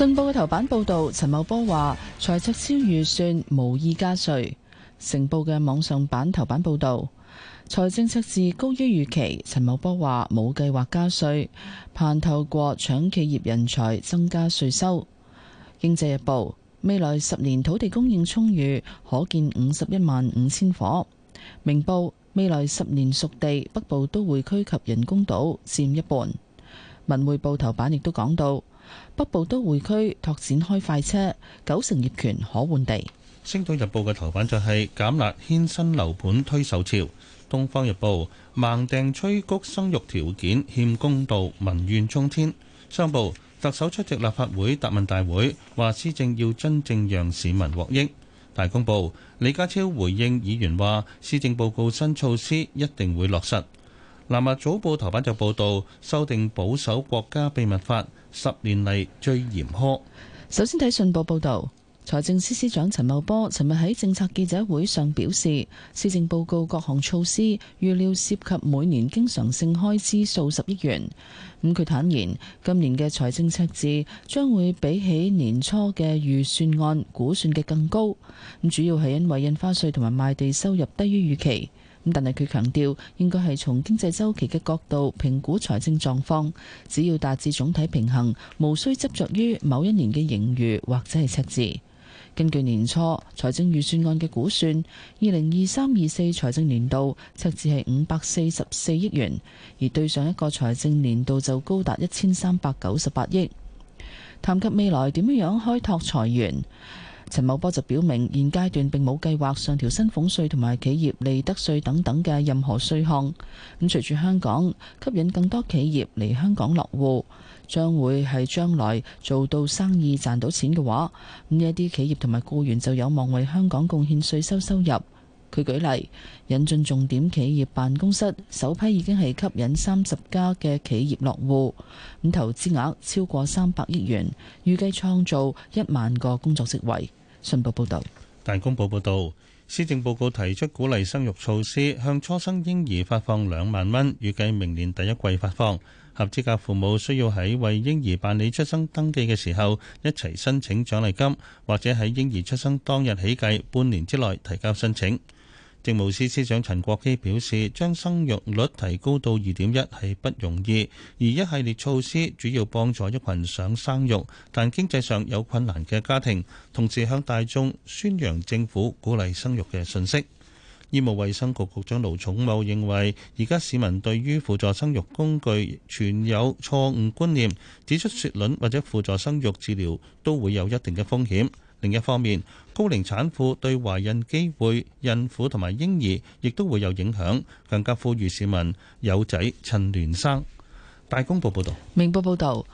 《信報》嘅頭版報導，陳茂波話財赤超預算無意加稅。《城報》嘅網上版頭版報導，財政赤字高於預期，陳茂波話冇計劃加稅，盼透過搶企業人才增加稅收。《經濟日報》未來十年土地供應充裕，可建五十一萬五千夥。《明報》未來十年熟地北部都會區及人工島佔一半。《文匯報》頭版亦都講到。北部都會區拓展開快車，九成業權可換地。《星島日報》嘅頭版就係減辣，牽新樓盤推售潮。《東方日報》盲訂催谷生育條件欠公道，民怨沖天。商報特首出席立法會答問大會，話施政要真正讓市民獲益。大公報李家超回應議員話，施政報告新措施一定會落實。《南華早報》頭版就報道修訂保守國家秘密法十年嚟最嚴苛。首先睇信報報導，財政司司長陳茂波尋日喺政策記者會上表示，施政報告各項措施預料涉及每年經常性開支數十億元。咁佢坦言，今年嘅財政赤字將會比起年初嘅預算案估算嘅更高。咁主要係因為印花稅同埋賣地收入低於預期。咁但係佢強調，應該係從經濟周期嘅角度評估財政狀況，只要達至總體平衡，無需執着於某一年嘅盈餘或者係赤字。根據年初財政預算案嘅估算，二零二三二四財政年度赤字係五百四十四億元，而對上一個財政年度就高達一千三百九十八億。談及未來點樣開拓財源，陳茂波就表明，現階段並冇計劃上調薪俸稅同埋企業利得稅等等嘅任何稅項。咁隨住香港吸引更多企業嚟香港落戶，將會係將來做到生意賺到錢嘅話，咁呢一啲企業同埋僱員就有望為香港貢獻稅收收入。佢舉例，引進重點企業辦公室首批已經係吸引三十家嘅企業落戶，咁投資額超過三百億元，預計創造一萬個工作職位。信報報導，大公報報導，施政報告提出鼓勵生育措施，向初生嬰兒發放兩萬蚊，預計明年第一季發放。合資格父母需要喺為嬰兒辦理出生登記嘅時候，一齊申請獎勵金，或者喺嬰兒出生當日起計半年之內提交申請。政務司司長陳國基表示，將生育率提高到二點一係不容易，而一系列措施主要幫助一群想生育但經濟上有困難嘅家庭，同時向大眾宣揚政府鼓勵生育嘅信息。醫務衛生局局長盧寵茂認為，而家市民對於輔助生育工具存有錯誤觀念，指出雪卵或者輔助生育治療都會有一定嘅風險。另一方面，高齡產婦對懷孕機會、孕婦同埋嬰兒亦都會有影響，更加呼籲市民有仔趁亂生。大公報報道，明報報道，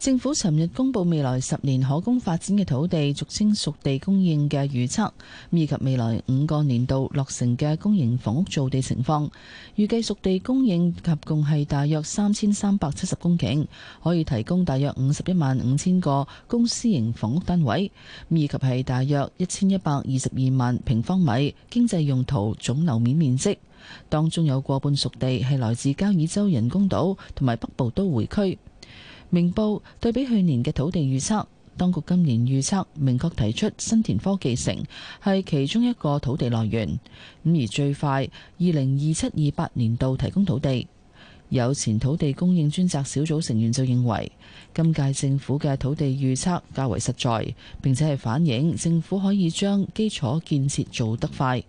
政府尋日公布未來十年可供發展嘅土地，俗稱熟地供應嘅預測，以及未來五個年度落成嘅公營房屋造地情況。預計熟地供應合共係大約三千三百七十公頃，可以提供大約五十一萬五千個公私營房屋單位，以及係大約一千一百二十二萬平方米經濟用途總樓面面積。當中有過半熟地係來自交椅洲人工島同埋北部都會區。明報對比去年嘅土地預測，當局今年預測明確提出新田科技城係其中一個土地來源。咁而最快二零二七二八年度提供土地。有前土地供應專責小組成員就認為，今屆政府嘅土地預測較為實在，並且係反映政府可以將基礎建設做得快。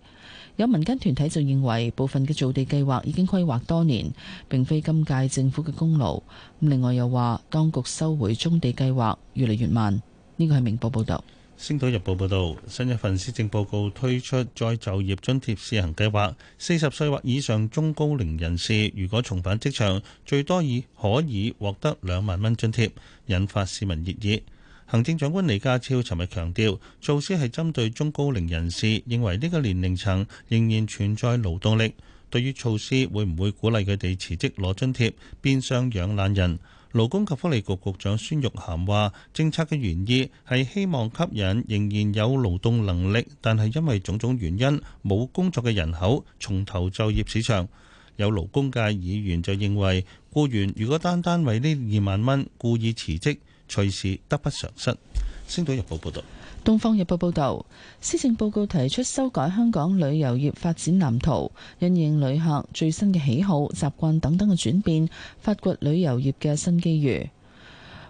有民間團體就認為，部分嘅造地計劃已經規劃多年，並非今屆政府嘅功勞。另外又話，當局收回棕地計劃越嚟越慢。呢個係明報報導。星島日報報導，新一份施政報告推出再就業津貼試行計劃，四十歲或以上中高齡人士如果重返職場，最多已可以獲得兩萬蚊津貼，引發市民熱議。行政長官李家超尋日強調，措施係針對中高齡人士，認為呢個年齡層仍然存在勞動力。對於措施會唔會鼓勵佢哋辭職攞津貼，變相養懶人？勞工及福利局局長孫玉菡話：政策嘅原意係希望吸引仍然有勞動能力，但係因為種種原因冇工作嘅人口，從頭就業市場。有勞工界議員就認為，雇員如果單單為呢二萬蚊故意辭職。隨時得不償失。星島日報報道，東方日報報道，施政報告提出修改香港旅遊業發展藍圖，因應旅客最新嘅喜好、習慣等等嘅轉變，發掘旅遊業嘅新機遇。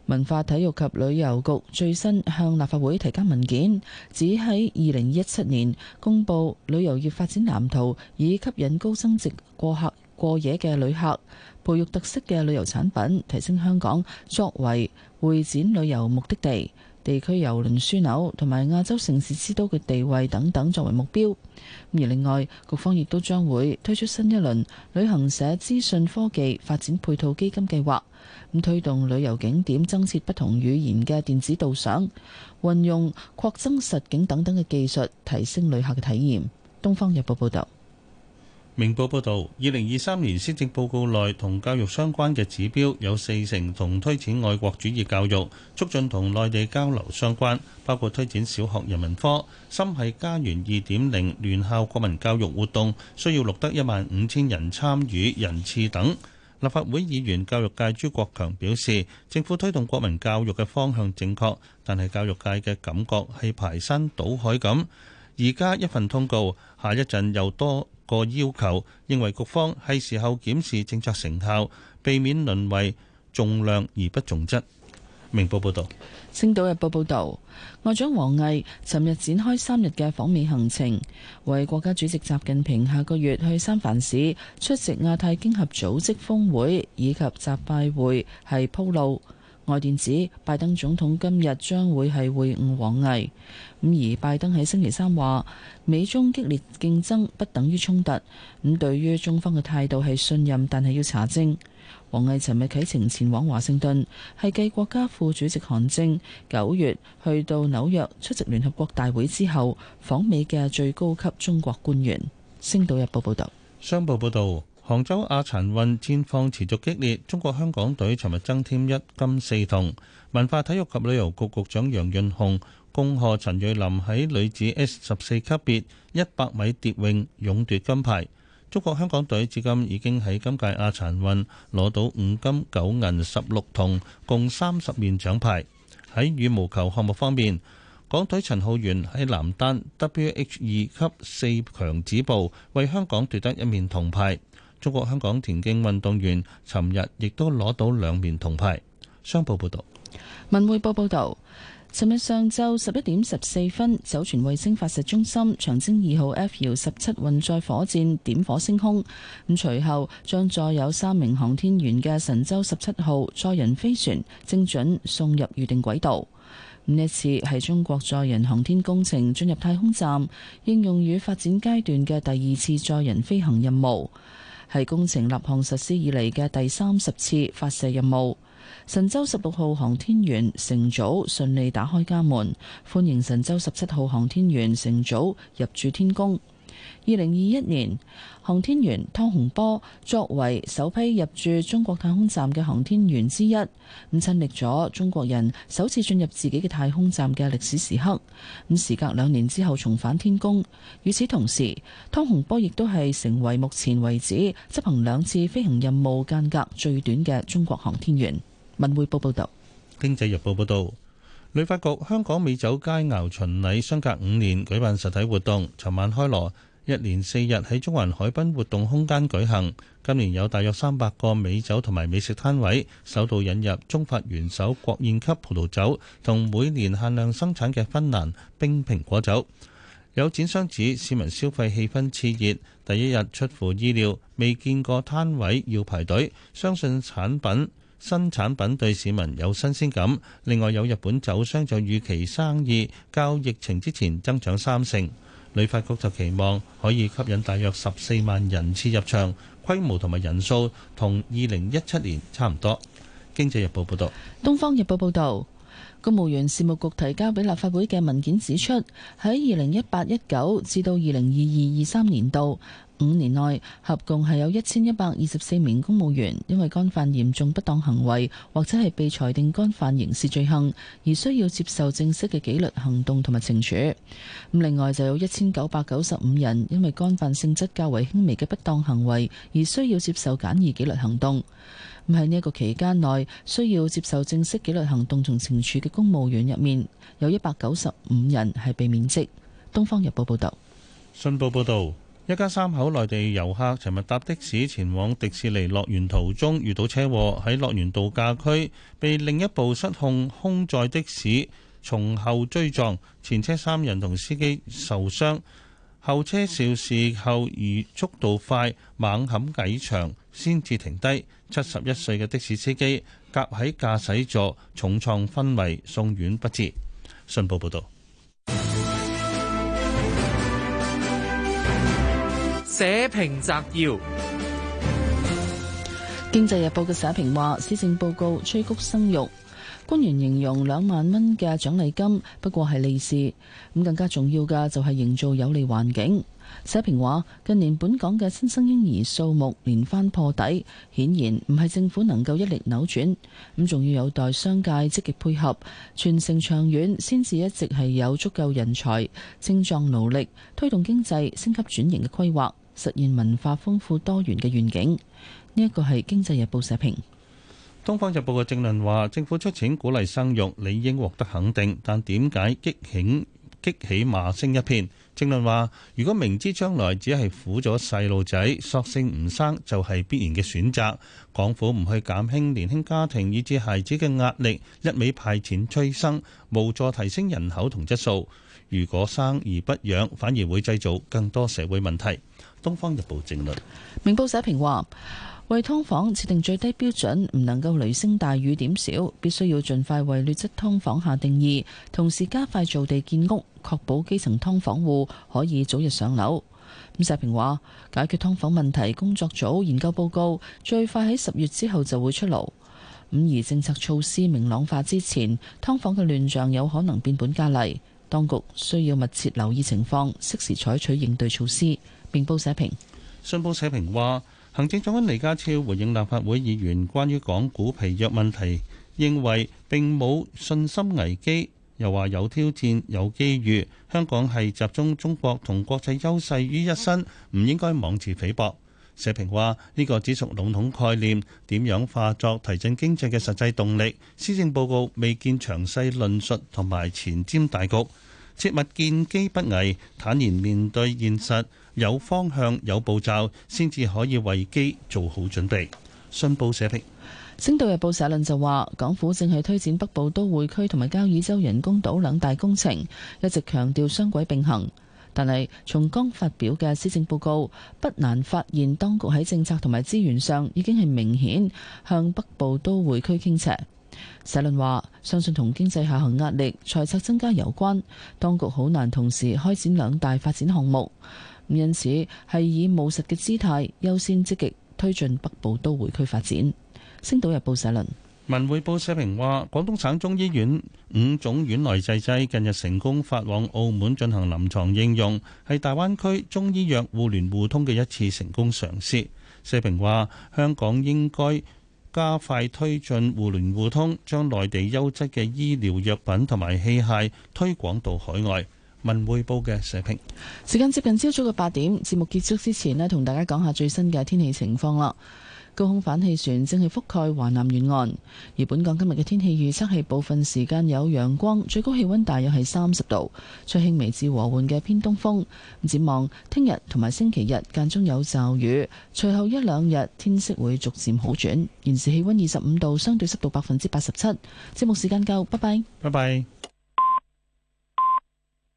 文化體育及旅遊局最新向立法會提交文件，指喺二零一七年公布旅遊業發展藍圖，以吸引高增值、過客、過夜嘅旅客，培育特色嘅旅遊產品，提升香港作為。會展旅遊目的地，地區郵輪樞紐同埋亞洲城市之都嘅地位等等作為目標。而另外，局方亦都將會推出新一輪旅行社資訊科技發展配套基金計劃，咁推動旅遊景點增設不同語言嘅電子導賞，運用擴增實景等等嘅技術，提升旅客嘅體驗。東方日報報道。明報報導，二零二三年施政報告內同教育相關嘅指標有四成同推展愛國主義教育、促進同內地交流相關，包括推展小學人文科、心繫家園二點零聯校國民教育活動，需要錄得一萬五千人參與人次等。立法會議員教育界朱國強表示，政府推動國民教育嘅方向正確，但係教育界嘅感覺係排山倒海咁。而家一份通告，下一陣又多。個要求認為局方係時候檢視政策成效，避免淪為重量而不重質。明報報道。《星島日報》報道，外長王毅尋日展開三日嘅訪美行程，為國家主席習近平下個月去三藩市出席亞太經合組織峰會以及習拜會係鋪路。外電指拜登總統今日將會係會晤王毅，咁而拜登喺星期三話美中激烈競爭不等於衝突，咁對於中方嘅態度係信任，但係要查證。王毅尋日啟程前往華盛頓，係繼國家副主席韓正九月去到紐約出席聯合國大會之後，訪美嘅最高級中國官員。《星島日報》報道。《商報》報道。杭州亞殘運戰況持續激烈，中國香港隊尋日增添一金四銅。文化體育及旅遊局局長楊潤雄恭賀陳瑞琳喺女子 S 十四級別一百米蝶泳勇奪金牌。中國香港隊至今已經喺今屆亞殘運攞到五金九銀十六銅，共三十面獎牌。喺羽毛球項目方面，港隊陳浩源喺男單 WH 二級四強止步，為香港奪得一面銅牌。中國香港田徑運動員尋日亦都攞到兩面銅牌。商報報道，文匯報報道，尋日上晝十一點十四分，酒泉衛星發射中心長征二號 F 遙十七運載火箭點火升空，咁隨後將載有三名航天員嘅神舟十七號載人飛船精準送入預定軌道。呢次係中國載人航天工程進入太空站應用與發展階段嘅第二次載人飛行任務。係工程立項實施以嚟嘅第三十次發射任務，神舟十六號航天員乘組順利打開家門，歡迎神舟十七號航天員乘組入住天宮。二零二一年，航天員湯洪波作為首批入住中國太空站嘅航天員之一，咁親歷咗中國人首次進入自己嘅太空站嘅歷史時刻。咁時隔兩年之後，重返天宮。與此同時，湯洪波亦都係成為目前為止執行兩次飛行任務間隔最短嘅中國航天員。文匯報報道，經濟日報報道，旅發局香港美酒佳肴巡禮相隔五年舉辦實體活動，尋晚開鑼。一連四日喺中環海濱活動空間舉行，今年有大約三百個美酒同埋美食攤位，首度引入中法元首國宴級葡萄酒同每年限量生產嘅芬蘭冰蘋果酒。有展商指市民消費氣氛熾熱，第一日出乎意料，未見過攤位要排隊。相信產品、新產品對市民有新鮮感。另外有日本酒商在預期生意較疫情之前增長三成。旅發局就期望可以吸引大約十四萬人次入場，規模同埋人數同二零一七年差唔多。經濟日報報道。東方日報報道。公務員事務局提交俾立法會嘅文件指出，喺二零一八一九至到二零二二二三年度。五年內，合共係有一千一百二十四名公務員因為干犯嚴重不當行為，或者係被裁定干犯刑事罪行，而需要接受正式嘅紀律行動同埋懲處。咁另外就有一千九百九十五人因為干犯性質較為輕微嘅不當行為，而需要接受簡易紀律行動。咁喺呢一個期間內，需要接受正式紀律行動同懲處嘅公務員入面，有一百九十五人係被免職。東方日報報道，新報報道。一家三口內地遊客尋日搭的士前往迪士尼樂園途中遇到車禍，喺樂園度假區被另一部失控空載的士從後追撞，前車三人同司機受傷，後車肇事後移速度快猛冚尾場先至停低。七十一歲嘅的士司機夾喺駕駛座重創昏迷送院不治。信報報導。社評摘要：經濟日報嘅社評話，施政報告催谷生育，官員形容兩萬蚊嘅獎勵金不過係利是，咁更加重要嘅就係營造有利環境。社評話，近年本港嘅新生嬰兒數目連番破底，顯然唔係政府能夠一力扭轉，咁仲要有待商界積極配合，傳承長遠，先至一直係有足夠人才、精壯勞力推動經濟升級轉型嘅規劃。實現文化豐富多元嘅願景，呢一個係《經濟日報》社評。《東方日報》嘅正論話：政府出錢鼓勵生育，理應獲得肯定，但點解激起激起罵聲一片？正論話：如果明知將來只係苦咗細路仔，索性唔生就係必然嘅選擇。港府唔去減輕年輕家庭以至孩子嘅壓力，一味派錢催生，無助提升人口同質素。如果生而不養，反而會製造更多社會問題。《東方日報》正論，明報社評話，為㓥房設定最低標準，唔能夠雷聲大雨點小，必須要盡快為劣質劏房下定義，同時加快造地建屋，確保基層劏房戶可以早日上樓。咁社評話，解決劏房問題工作組研究報告最快喺十月之後就會出爐。咁而政策措施明朗化之前，劏房嘅亂象有可能變本加厲，當局需要密切留意情況，適時採取應對措施。明報社評，信報社評話，行政長官李家超回應立法會議員關於港股疲弱問題，認為並冇信心危機，又話有挑戰有機遇，香港係集中中國同國際優勢於一身，唔應該妄自菲薄。社評」社評話呢個只屬籠統概念，點樣化作提振經濟嘅實際動力？施政報告未見詳細論述同埋前瞻大局，切勿見機不危，坦然面對現實。有方向、有步驟，先至可以為機做好準備。信報社評，《星島日報》社論就話，港府正係推展北部都會區同埋交椅洲人工島兩大工程，一直強調雙軌並行。但係從剛發表嘅施政報告，不難發現當局喺政策同埋資源上已經係明顯向北部都會區傾斜。社論話，相信同經濟下行壓力、財策增加有關，當局好難同時開展兩大發展項目。因此係以務實嘅姿態，優先積極推進北部都會區發展。星島日報社論，文匯報社評話，廣東省中醫院五種院內製劑近日成功發往澳門進行臨床應用，係大灣區中醫藥互聯互通嘅一次成功嘗試。社評話，香港應該加快推進互聯互通，將內地優質嘅醫療藥品同埋器械推廣到海外。.文匯報嘅社評。時間接近朝早嘅八點，節目結束之前呢，同大家講下最新嘅天氣情況啦。高空反氣旋正係覆蓋華南沿岸，而本港今日嘅天氣預測係部分時間有陽光，最高氣温大約係三十度，吹輕微至和緩嘅偏東風。展望聽日同埋星期日間中有驟雨，隨後一兩日天色會逐漸好轉。現時氣温二十五度，相對濕度百分之八十七。節目時間夠，拜拜，拜拜。